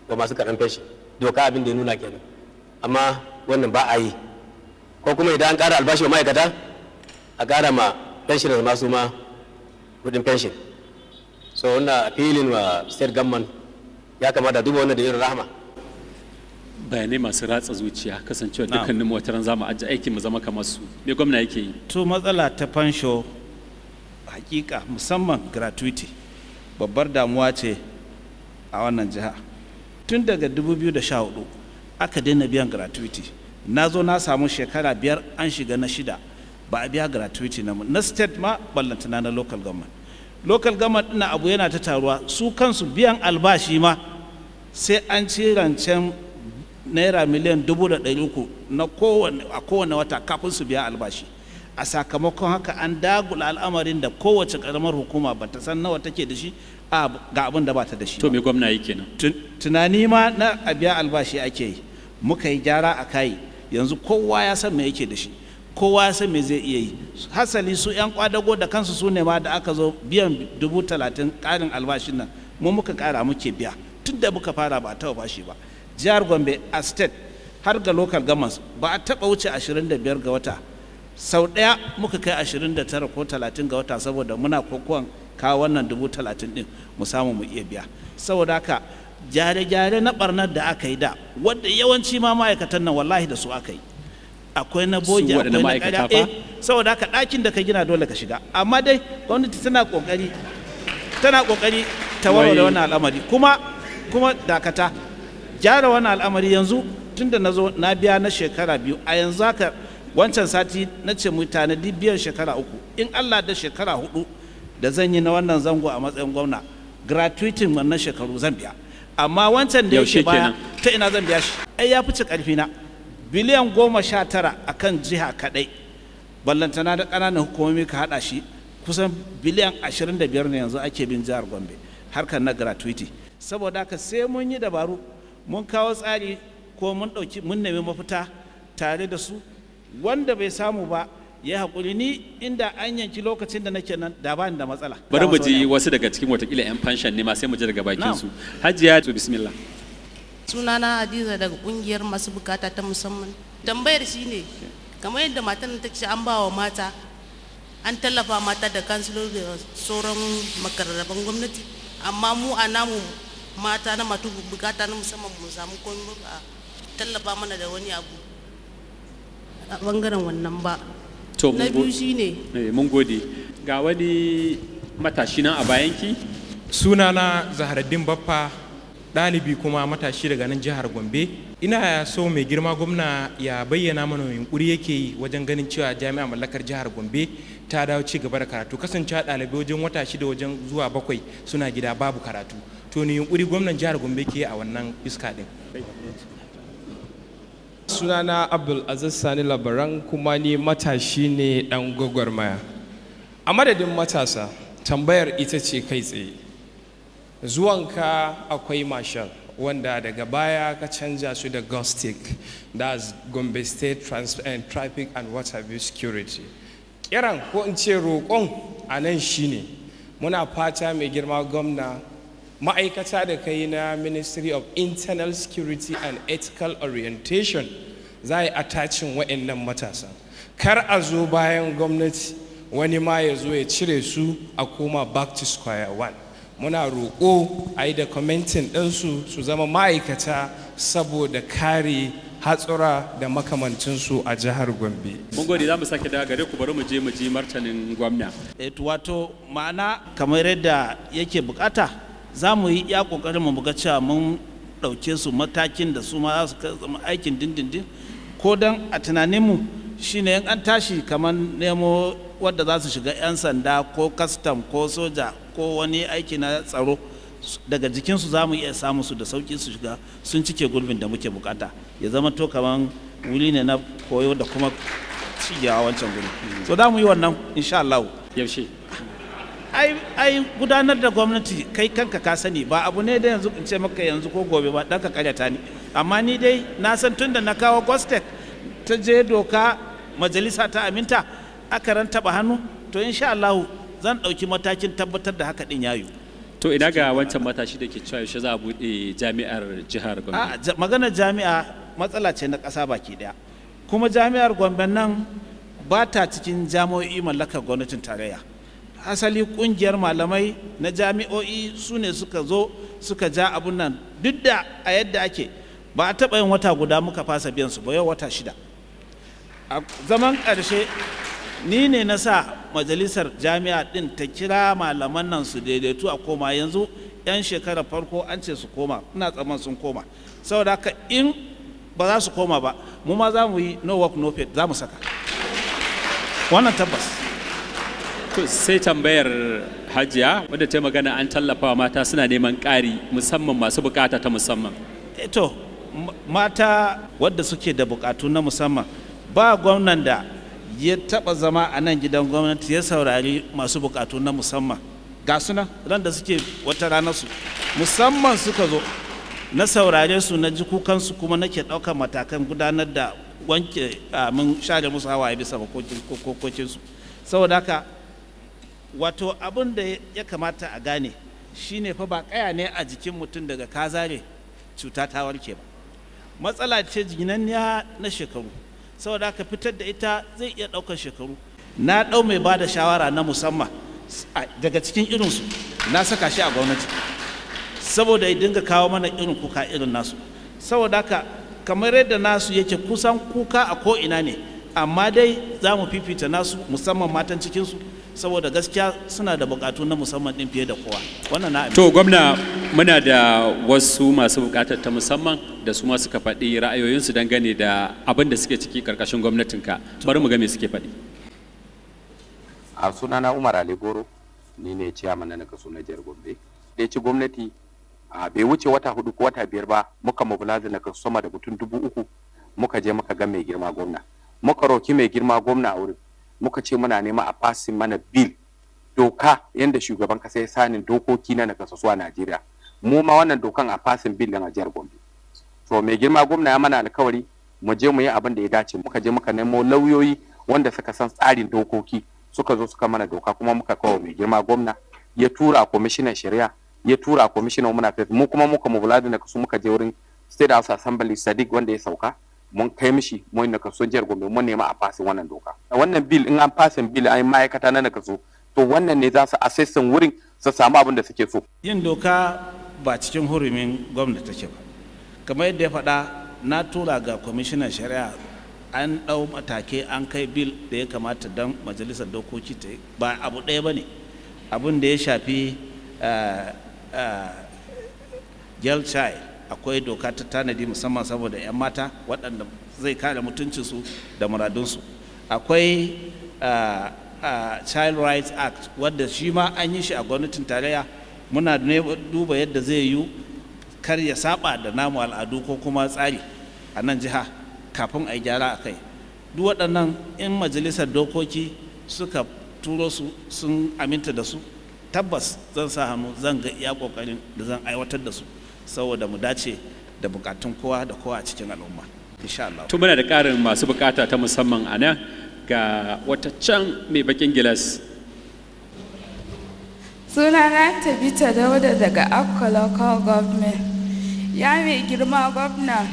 ga masu karan pension doka abin da ya nuna kenan amma wannan ba a yi ko kuma idan an ƙara albashi wa ma'aikata a ƙara ma pension da masu ma kudin pension so wannan appealing wa state government ya kamata duba wannan da irin rahama bayanai masu ratsa zuciya kasancewa dukkanin mu wataran zamu ajiye aikin mu zama kamar su me gwamna yake yi to matsala ta fansho hakika musamman gratuity babbar damuwa ce a wannan jiha tun daga 2014 aka daina biyan gratuity na zo na samu shekara biyar an shiga na shida ba a biya gratuity na na state ma ballantana na local government local government ɗina abu yana ta taruwa su kansu biyan albashi ma sai an ci rancen naira miliyan dubu da ɗari uku na kowane a kowane wata kafin su biya albashi a sakamakon haka an dagula al'amarin da kowace karamar hukuma ba ta san nawa take da shi ga abin da ba ta da shi to me gwamna yi nan tunani ma na a biya albashi ake yi muka yi gyara a kai yanzu kowa ya san me yake da shi kowa ya san me zai iya yi hasali su yan kwadago da kansu su ne ma da aka zo biyan dubu talatin ƙarin albashin nan mu muka ƙara muke biya tun da muka fara ba ta bashi ba jihar gombe a state har ga local gamas ba a taɓa wuce 25 ga wata sau ɗaya muka kai 29 ko 30 ga wata saboda muna kokon kawo wannan 30 din mu samu mu iya biya saboda haka jare-jare na barnar da aka yi da wadda yawanci ma ma'aikatan nan wallahi da su aka yi akwai na boji akwai na ƙarya eh saboda haka ɗakin da ka gina dole ka shiga amma dai gwamnati tana ƙoƙari tana ƙoƙari ta warware wannan al'amari kuma kuma dakata gyara wani al'amari yanzu tunda na zo na biya na shekara biyu a yanzu haka wancan sati na ce mu tanadi biyan shekara uku in allah da shekara hudu da zan yi na wannan zango a matsayin gwamna gratuitin wannan shekaru zan biya amma wancan da yake baya ta ina zan biya shi ai ya fice karfi na biliyan goma sha tara a kan jiha kaɗai ballantana da ƙananan hukumomi ka haɗa shi kusan biliyan ashirin da biyar ne yanzu ake bin jihar gombe harkar na gratuity saboda haka sai mun yi dabaru mun kawo tsari ko mun ɗauki mun nemi mafita tare da su wanda bai samu ba ya hakuri ni inda an yanki lokacin da nake nan da bani da matsala bari mu ji wasu daga cikin watakila yan fanshan ne ma sai mu ji daga bakin su hajiya to bismillah sunana hadiza daga kungiyar masu bukata ta musamman tambayar shine kamar yadda matan ta ce an ba wa mata an tallafa mata da kansilo da sauran makararraban gwamnati amma mu a namu mata na matu bukata na musamman mu samu komai a tallafa mana da wani abu a bangaren wannan ba na biyu ne eh, mun gode ga wani matashi nan a bayanki sunana zaharaddin baffa ɗalibi kuma matashi daga nan jihar gombe ina so mai girma gwamna ya bayyana mana yunkuri yake yi wajen ganin cewa jami'a mallakar jihar gombe ta dawo ci gaba da karatu kasancewa ɗalibai wajen wata shida wajen zuwa bakwai suna gida babu karatu to ni yunkuri gwamnan jihar gombe ke a wannan iska din sunana abdul aziz sani labaran kuma ni matashi ne dan gwagwarmaya a madadin matasa tambayar ita ce kai tsaye zuwanka akwai marshal wanda daga baya ka canja su da gostic that's gombe state Trans and eh, traffic and water view security kiran ko in ce roƙon a nan shine muna fata mai girma gwamna ma'aikata da kai na ministry of internal security and ethical orientation za a yi attachin wa'annan matasa kar a zo bayan gwamnati wani ma ya zo ya cire su a koma back to square one muna roƙo a yi da commenting ɗinsu su zama ma'aikata saboda kare hatsura da makamancinsu a jihar gombe mun gode za mu sake daga gare ku bari mu je mu ji martanin gwamna eh, wato ma'ana kamar yadda yake bukata za mu yi ya ƙoƙarin mu muga cewa mun ɗauke su matakin da su ma za su zama aikin dindindin ko don a tunaninmu shine ne an tashi kamar nemo wadda za su shiga 'yan sanda ko kastam ko soja ko wani aiki na tsaro daga jikinsu za mu iya samu su da sauƙi su shiga sun cike gurbin da muke bukata ya zama to kamar wuri ne na koyo da kuma cigewa wancan guri so za mu yi wannan insha Allah yaushe ai gudanar da gwamnati kai kanka ka sani ba abu ne da yanzu in ce maka yanzu ko gobe ba ɗan ka karyata ni amma ni dai na san tun da na kawo gostek ta je doka majalisa ta aminta aka ran taɓa hannu to insha Allah zan ɗauki matakin tabbatar da haka ɗin yayu to ina ga wancan matashi da ke cewa yaushe za a buɗe jami'ar jihar Gombe magana jami'a matsala ce na ƙasa baki ɗaya kuma jami'ar Gombe nan ba ta cikin jami'o'i mallakar gwamnatin tarayya asali kungiyar malamai na jami'o'i su ne suka zo suka ja abun nan duk da a yadda ake ba a taɓa yin wata guda muka fasa biyan su ba yau wata shida a zaman ƙarshe ni ne na sa majalisar jami'a ɗin ta kira malaman nan su daidaitu a koma yanzu 'yan shekarar farko an ce su koma ina tsaman sun koma saboda haka in ba za su koma ba mu ma za mu yi no work no pay za mu saka wannan tabbas sai tambayar hajiya wadda ta magana an tallafawa mata suna neman ƙari musamman masu bukata ta musamman eh, to mata wadda suke da bukatu na musamman ba gwamnan da ya taba zama a nan gidan gwamnati ya saurari masu bukatu na musamman ga suna ran da suke wata rana su musamman suka zo na saurare su na ji kukansu kuma nake ɗaukar matakan gudanar da wanke mun share musu hawaye bisa kokokinsu saboda haka wato abin da ya kamata a gane shine fa ba kaya ne a jikin mutum daga ka zare cuta ta warke ba matsala ce jinanniya na shekaru saboda aka fitar da ita zai iya ɗaukar shekaru na ɗau mai ba da shawara na musamman daga cikin irinsu na saka shi a gwamnati saboda ya dinga kawo mana irin kuka irin nasu saboda haka kamar yadda nasu yake kusan kuka a ko ina ne amma dai za mu fifita nasu musamman matan cikinsu saboda gaskiya suna da bukatu na musamman din fiye da kowa wannan na to gwamna muna da wasu masu bukatar ta musamman da su ma suka faɗi ra'ayoyinsu dangane da abin da suke ciki karkashin gwamnatinka bari mu ga me suke faɗi a sunana umar ali goro ni ne ciyaman na kaso na jihar gombe da ci gwamnati bai wuce wata hudu ko wata biyar ba muka mobilize na sama da mutum dubu uku muka je muka ga mai girma gwamna muka roki mai girma gwamna a wurin muka ce muna nema a fasin mana bil doka yadda shugaban kasa ya sani dokoki na nakasassu a najeriya mu ma wannan dokan a fasin bil din a jihar gombe to mai girma gwamna ya mana alkawari mu je mu yi abin da ya dace muka je muka nemo lauyoyi wanda suka san tsarin dokoki suka zo suka mana doka kuma muka kawo mai girma gwamna ya tura kwamishinan shari'a ya tura kwamishinan muna mu kuma muka mu da na muka je wurin state house assembly sadiq wanda ya sauka mun kai mishi mun na kaso jihar Gombe mun nema a fasin wannan doka wannan bill in an fasin bill an ma'aikata na na kaso to wannan ne za su assessin wurin su samu abin da suke so yin doka ba cikin hurumin gwamnati take ba kamar yadda ya faɗa na tura ga kwamishinan shari'a an ɗau matake an kai bil da ya kamata don majalisar dokoki ta ba abu ɗaya ba ne abin da ya shafi girl eh, eh, child akwai doka ta tanadi musamman saboda 'yan mata waɗanda zai kare mutuncinsu da muradunsu akwai child rights act wadda shi ma an yi shi a gwamnatin tarayya muna duba yadda zai yi kar ya saba da namu al'adu ko kuma tsari a nan jiha kafin a gyara a kai duk waɗannan in majalisar dokoki suka turo su sun aminta da su tabbas zan sa hannu zan ga iya ƙoƙarin da zan aiwatar da su saboda mu dace da bukatun kowa da kowa a cikin al'umma Tun to muna da karin masu bukata ta musamman a nan ga wata can mai bakin gilas sunana tabita dauda daga akwa local government ya mai girma gwamna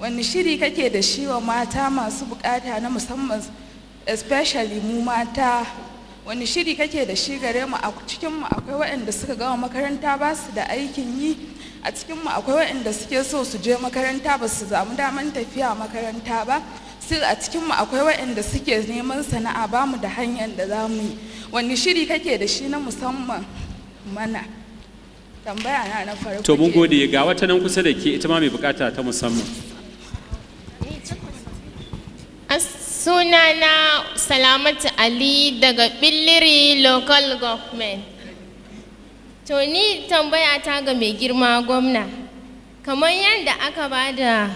wani shiri kake da shi wa mata masu bukata na musamman especially mu mata wani shiri kake da shi gare mu a cikinmu akwai waɗanda suka gama makaranta ba su da aikin yi a cikinmu akwai waɗanda suke so su je makaranta ba su zamu daman tafiya makaranta ba sir a cikinmu akwai waɗanda suke neman sana'a ba mu da hanyar da za mu yi wani shiri kake da shi na musamman mana tambaya na na farko to mun gode ga wata nan kusa da ke ita ma mai bukata ta musamman sunana salamatu ali daga billiri local government to ni tambaya ta ga mai girma gwamna kamar yadda aka ba da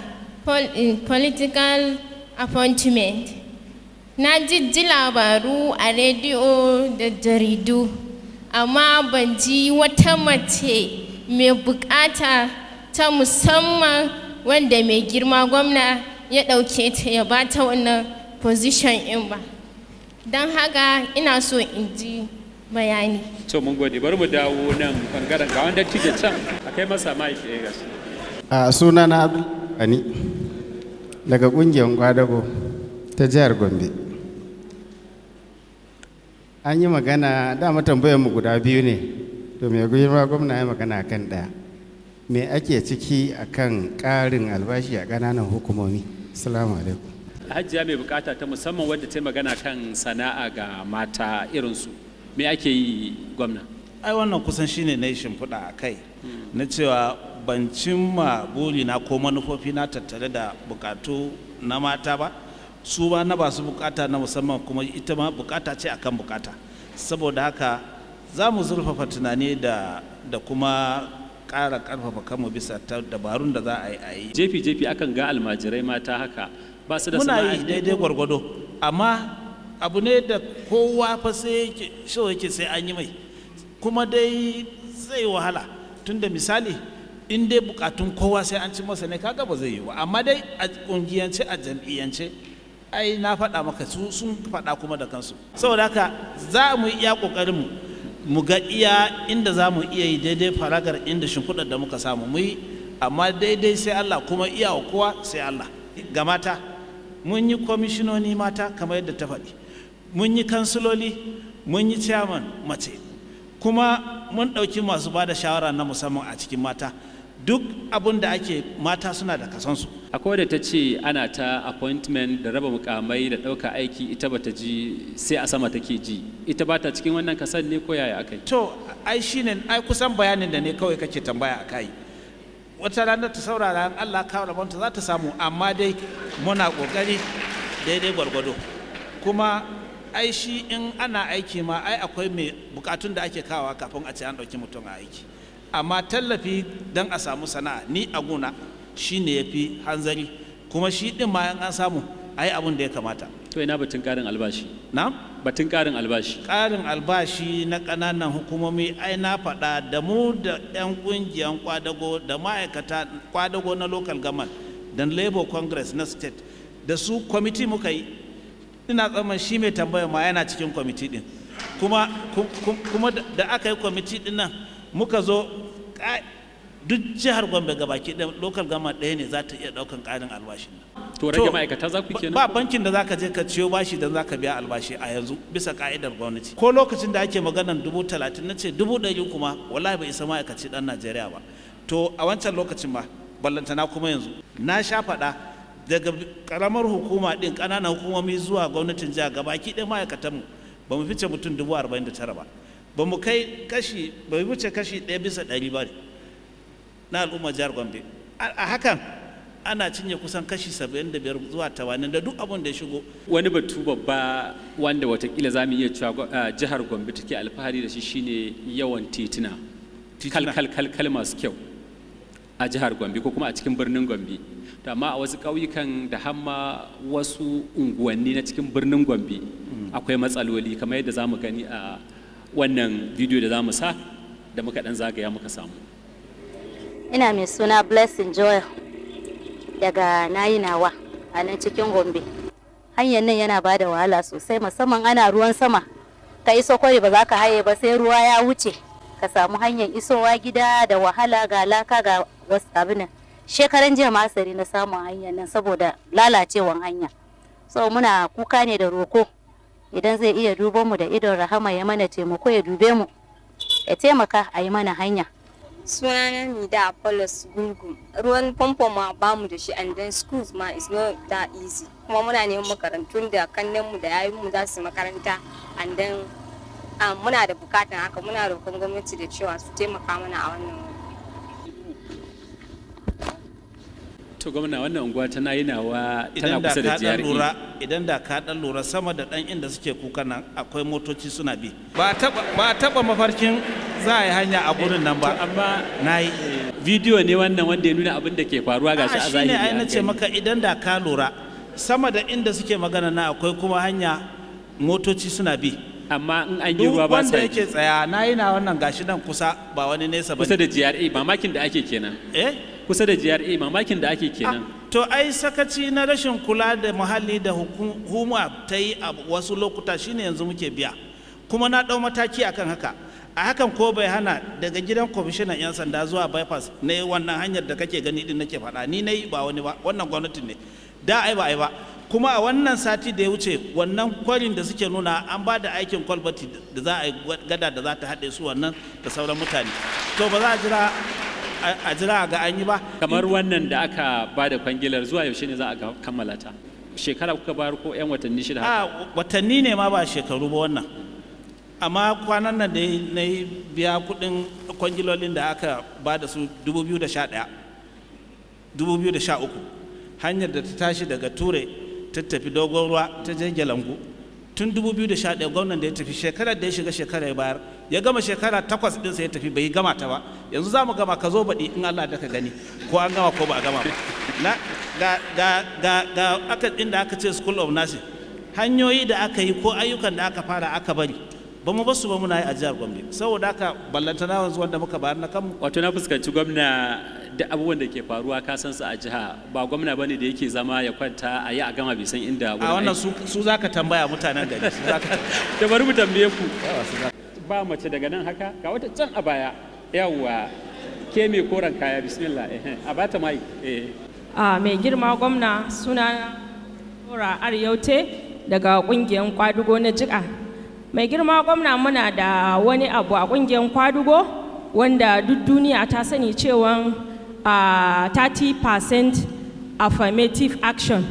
eh, political appointment na jijji labaru a rediyo da jaridu amma ban ji wata mace mai bukata ta musamman wanda mai girma gwamna ya ɗauke ta ya ba ta wannan position in ba don haka ina so in ji bayani to mun gode bari mu dawo nan bangaren ga wanda tije can akai masa mai ke su. a suna na ani daga kungiyar Gwadago ta jihar gombe an yi magana dama tambayar mu guda biyu ne to mai ma gwamna ya magana kan daya me ake ciki akan karin albashi a ƙananan hukumomi assalamu alaikum hajjiya mai bukata ta musamman wadda ta magana kan sana'a ga mata irinsu me ake yi gwamna ai wannan kusan shine na shimfiɗa a kai na cewa ban cimma na ko manufofi na tattare da bukatu na mata ba su ba na basu bukata na musamman kuma ita ma bukata ce akan bukata saboda haka za mu zurfafa tunani da da kuma ƙara ƙarfafa kanmu bisa ta dabarun da za a yi a yi jefi jefi akan ga almajirai mata haka ba su da sana'a muna yi daidai gwargwado amma abu ne da kowa fa sai so yake sai an yi mai kuma dai zai wahala tun da misali in dai bukatun kowa sai an ci masa ne kaga ba zai yi ba amma dai a kungiyance a jam'iyyance ai na faɗa maka su sun faɗa kuma da kansu saboda haka za mu iya ƙoƙarin mu mu ga iya inda za mu iya yi daidai faragar inda shimfiɗar da muka samu mu yi amma daidai sai Allah kuma iya kowa sai Allah ga mata mun yi kwamishinoni mata kamar yadda ta faɗi mun yi kansiloli mun yi ciyaman mace kuma mun ɗauki masu bada shawara na musamman a cikin mata duk abin da ake mata suna da kasansu akwai da ta ce ana ta appointment da raba mukamai da ɗauka aiki ita ba ta ji sai a sama take ji ita ba ta cikin wannan kasan ne ko yaya yi to ai shine ai kusan bayanin da ne kawai kake tambaya a akai wata ranar ta saurara Allah kawo ta za ta samu amma dai muna ƙoƙari daidai gwargwado kuma ai shi in ana aiki ma ai akwai mai bukatun da ake kawa kafin a ce an ɗauki mutum a aiki amma tallafi don a samu sana'a ni a guna shi ne ya fi hanzari kuma shi ɗin ma an samu a yi da ya kamata to ina batun ƙarin albashi na batun ƙarin albashi ƙarin albashi na ƙananan hukumomi ai na faɗa da mu da 'yan ƙungiyar kwadago da ma'aikata kwadago na local government da labor congress na state da su kwamiti muka yi ina tsamman shi mai tambaya ma yana cikin kwamiti din kuma kuma da aka yi kwamiti din nan muka zo duk jihar Gombe gabaki ɗaya local gama ɗaya ne za ta iya ɗaukan ƙarin albashin nan to rage ma'aikata za ku kenan ba bankin da zaka je ka ciyo bashi dan zaka biya albashi a yanzu bisa ka'idar gwamnati ko lokacin da ake maganar dubu talatin na ce dubu ɗari kuma wallahi bai isa ma'aikaci ɗan Najeriya ba to a wancan lokacin ma ballantana kuma yanzu na sha faɗa daga karamar hukuma din ƙananan hukumomi zuwa gwamnatin jiha gabaki ɗaya ma'aikatanmu ba mu fice mutum dubu arba'in da tara ba ba mu kai kashi ba mu fice kashi ɗaya bisa ɗari ba na al'ummar jihar gombe a hakan ana cinye kusan kashi biyar zuwa tawanin da duk abin da ya shigo wani batu babba wanda watakila za mu iya cewa jihar gombe take alfahari da shi shine yawan tituna kalkal kalkal masu kyau a jihar gombe ko kuma a cikin birnin gombe da ma a wasu ƙauyukan da hamma wasu unguwanni na cikin birnin gombe akwai matsaloli kamar yadda za mu gani a wannan bidiyo da za mu sa da muka ɗan zagaya muka samu ina mai suna blessing joy daga nayi nawa a nan cikin gombe hanyar nan yana ba da wahala sosai musamman ana ruwan sama ka iso kwari ba za ka haye ba sai ruwa ya wuce ka samu hanyar isowa gida da wahala ga laka ga wasu abinan shekaran jiya ma na samun hanyar nan saboda lalacewan hanya so muna kuka ne da roko idan zai iya duban mu da idon rahama ya mana taimako ya dube mu ya taimaka a yi mana hanya na mi da apollos gungun ruwan famfo ma ba mu da shi and then schools ma is not that easy kuma muna neman makarantun da kannen mu da yayin mu za su makaranta and then ah, muna da bukatan haka muna roƙon gwamnati da cewa su taimaka mana a wannan to gwamna wannan unguwa tana yi nawa tana kusa da jiyar idan da ka dan lura sama da dan inda suke kuka nan akwai motoci suna bi ba taba ba taba mafarkin za a yi hanya a gurin nan ba eh, amma nayi eh, video ne wannan wanda ya nuna abin da ke faruwa gashi a zahiri shine ai ce maka idan da ka lura sama da inda suke magana na akwai kuma hanya motoci suna bi amma in an yi ruwa ba sa yake tsaya na yi na wannan gashi nan kusa ba wani nesa ba kusa da GRA mamakin da ake kenan eh kusa da GRA mamakin da ake kenan ah, to ai sakaci na rashin kula da muhalli da hukuma ta yi a wasu lokuta shine yanzu muke biya kuma na ɗau mataki akan haka a hakan ko bai hana daga gidan kwamishinan 'yan sanda zuwa bypass na wannan hanyar da kake gani din nake faɗa ni na yi ba wani ba wannan gwamnatin ne da ai ba ai ba kuma a wannan sati da ya wuce wannan kwarin da suke nuna an ba da aikin kwalbati da za a yi gada da za ta haɗe su wannan da sauran mutane to ba za a jira a jira ga an yi ba kamar wannan da aka ba da kwangilar zuwa yaushe ne za a kammala ta shekara kuka bayar ko yan watanni shida a ah, watanni ne ma ba shekaru ba wannan amma kwanan nan da na yi biya kudin kwangilolin da aka ba da su 2011 2013 hanyar da ta tashi daga ture ta tafi dogon ruwa ta je gelangu tun 2011 gwamnan da ya tafi shekarar da ya shiga shekarar bayar ya gama shekara takwas din sai ya tafi bai gama ta ba yanzu za mu gama ka zo baɗi in Allah da ka gani ko an gama ko ba a gama ba na ga ga ga ga aka inda aka ce school of nursing hanyoyi da aka yi ko ayyukan da aka fara aka bari ba mu basu ba muna yi a jihar Gombe saboda haka ballanta na wanzu wanda muka bayar na kanmu wato na fuskanci gwamna da abubuwan da ke faruwa ka san su a jiha ba gwamna bane da yake zama ya kwanta a yi a gama bai san inda a wannan su zaka tambaya mutanen gari su zaka da bari mu tambaye ku ba mace daga nan haka ga wata can a baya yawwa ke mai koren kaya bismillah eh, a bata mai eh. a mai girma gwamna suna kora aryaute daga kungiyar kwadugo na jika mai girma gwamna muna da wani abu a kungiyar kwadugo wanda duk duniya ta sani cewa uh, 30% affirmative action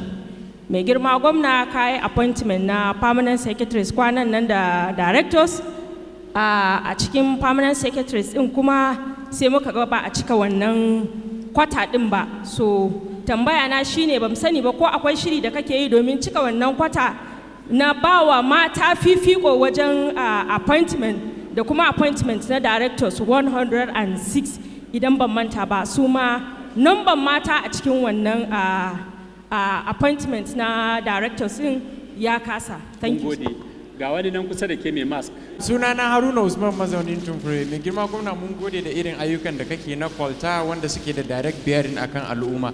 mai girma gwamna yi appointment na permanent secretaries kwanan nan da directors a cikin permanent secretaries din kuma sai muka ga ba a cika wannan kwata din ba so tambaya na shine ba sani ba ko akwai shiri da kake yi domin cika wannan kwata na bawa mata fifiko wajen appointment da kuma appointment na directors 106 idan ban manta ba su ma nomban mata a cikin wannan appointment na directors din ya kasa thank you ga wani nan kusa da ke mai mask sunana haruna usman mazaunin tumfure mai girma gwamna mun gode da irin ayyukan da kake na kwalta wanda suke da direct bearing akan al'umma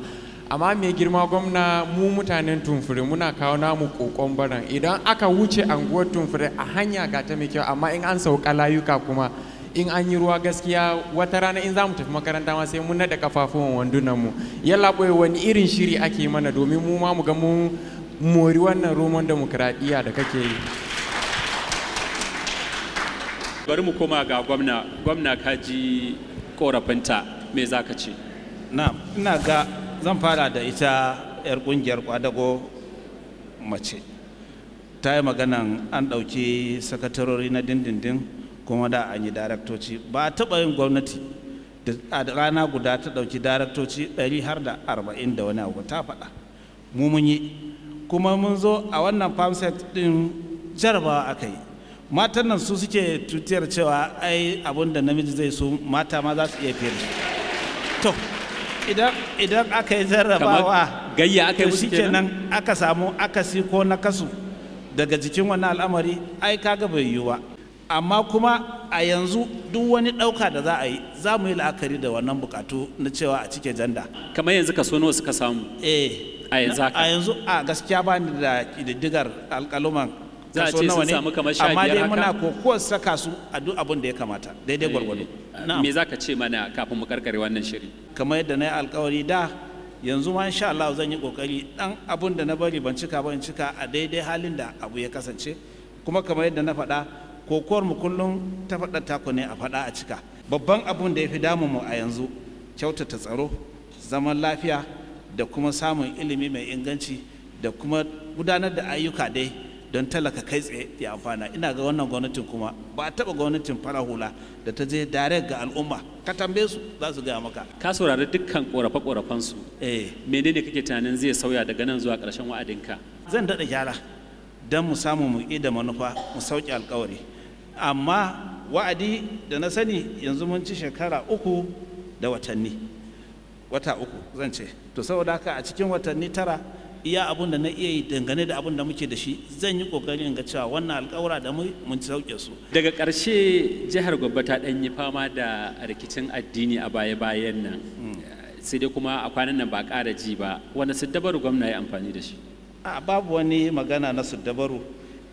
amma mai girma gwamna mu mutanen tumfure muna kawo namu kokon baran idan aka wuce anguwar tumfure a hanya ga ta mai kyau amma in an sauka layuka kuma in an yi ruwa gaskiya wata rana in za mu tafi makaranta ma sai mun naɗa kafafuwan wandunan mu yalla boye wani irin shiri ake mana domin mu ma mu ga mu mori wannan roman demokradiyya da kake yi bari mu koma ga gwamna gwamna kaji korafinta me za ka ce na ina ga zan fara da ita 'yar kungiyar kwadago mace ta yi maganan an ɗauki sakatarori na dindindin kuma da an yi daraktoci ba a taɓa yin gwamnati a rana guda ta ɗauki daraktoci ɗari har da arba'in da wani abu ta faɗa mu mun yi kuma mun zo a wannan farm set ɗin jarabawa aka yi matan nan su suke tutiyar cewa ai abin da namiji zai so mata ma za su iya fiye to idan aka yi jarrabawa gayya aka yi musu kenan aka samu akasi ko na kasu daga jikin wani al'amari ai kaga bai yiwu amma kuma a yanzu duk wani ɗauka da za a yi za mu yi la'akari da wannan bukatu na cewa a cike janda kamar yanzu ka so nawa suka samu eh a yanzu a gaskiya ba ni da ƙididdigar alƙaluman za a ce sun samu kamar sha biyar haka amma dai muna kokowar saka su a duk abin da ya kamata daidai eh, gwargwado eh, me za ka ce mana kafin mu karkare wannan shiri kamar yadda na yi alkawari da yanzu ma insha Allah zan yi kokari dan abun da na bari ban cika ban cika a daidai halin da abu ya kasance kuma kamar yadda na faɗa kokowar mu kullum ta faɗa taku ne a faɗa a cika babban abun da ya fi damun mu a yanzu kyautata tsaro zaman lafiya da kuma samun ilimi mai inganci da kuma gudanar da ayyuka dai don talaka kai tsaye ya amfana ina ga wannan gwamnatin kuma ba a taba gwamnatin fara hula da ta je direct ga al'umma ka tambaye su za su gaya maka ka saurari dukkan korafe korafen su eh menene kake tunanin zai sauya daga nan zuwa karshen wa'adinka zan daɗa gyara don mu samu mu da manufa mu sauke alƙawari, amma wa'adi da na sani yanzu mun ci shekara uku da watanni wata uku zan ce to saboda haka a cikin watanni tara iya abun da na iya yi dangane da abun da muke da shi zan yi kokarin ga cewa wannan alkawura da mun sauke su daga ƙarshe jihar gobe ta ɗan yi fama da rikicin addini a baya-bayan nan mm. sai dai kuma a kwanan nan ba ƙara ji ba wani siddabaru gwamna ya amfani da shi a babu wani magana na sudabaru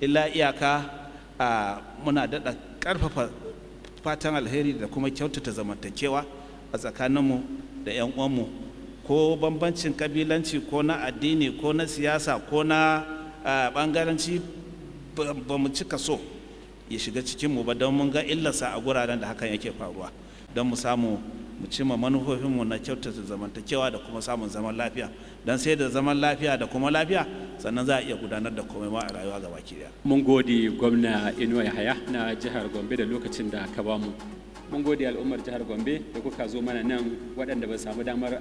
illa iyaka a muna daɗa ƙarfafa fatan alheri da kuma kyautata zamantakewa a tsakaninmu da 'yan uwanmu ko bambancin kabilanci ko na addini ko na siyasa ko na bangaranci ba mu cika so ya shiga cikinmu ba don mun ga illarsa a guraren da hakan yake faruwa don mu samu mu cimma manufofinmu na kyautata zamantakewa da kuma samun zaman lafiya don sai da zaman lafiya da kuma lafiya sannan za a iya gudanar da komai ma a rayuwa gaba ki mun gode gwamna inuwa haya na jihar gombe da lokacin da ka mu mun gode al'ummar jihar gombe da kuka zo mana nan waɗanda ba samu damar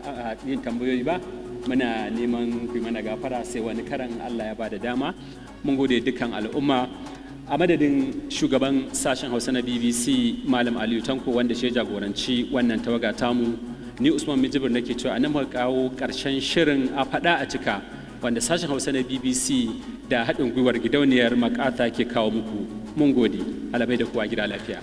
yin tambayoyi ba muna neman kuma mana gafara sai wani karan allah ya ba da dama mun gode dukkan al'umma a madadin shugaban sashen hausa na bbc malam aliyu tanko wanda shi jagoranci wannan tawaga tamu ni usman mijibir nake cewa nan muka kawo karshen shirin a faɗa a cika wanda sashen hausa na bbc da haɗin gwiwar gidauniyar makata ke kawo muku mun gode alabai da kuwa gida lafiya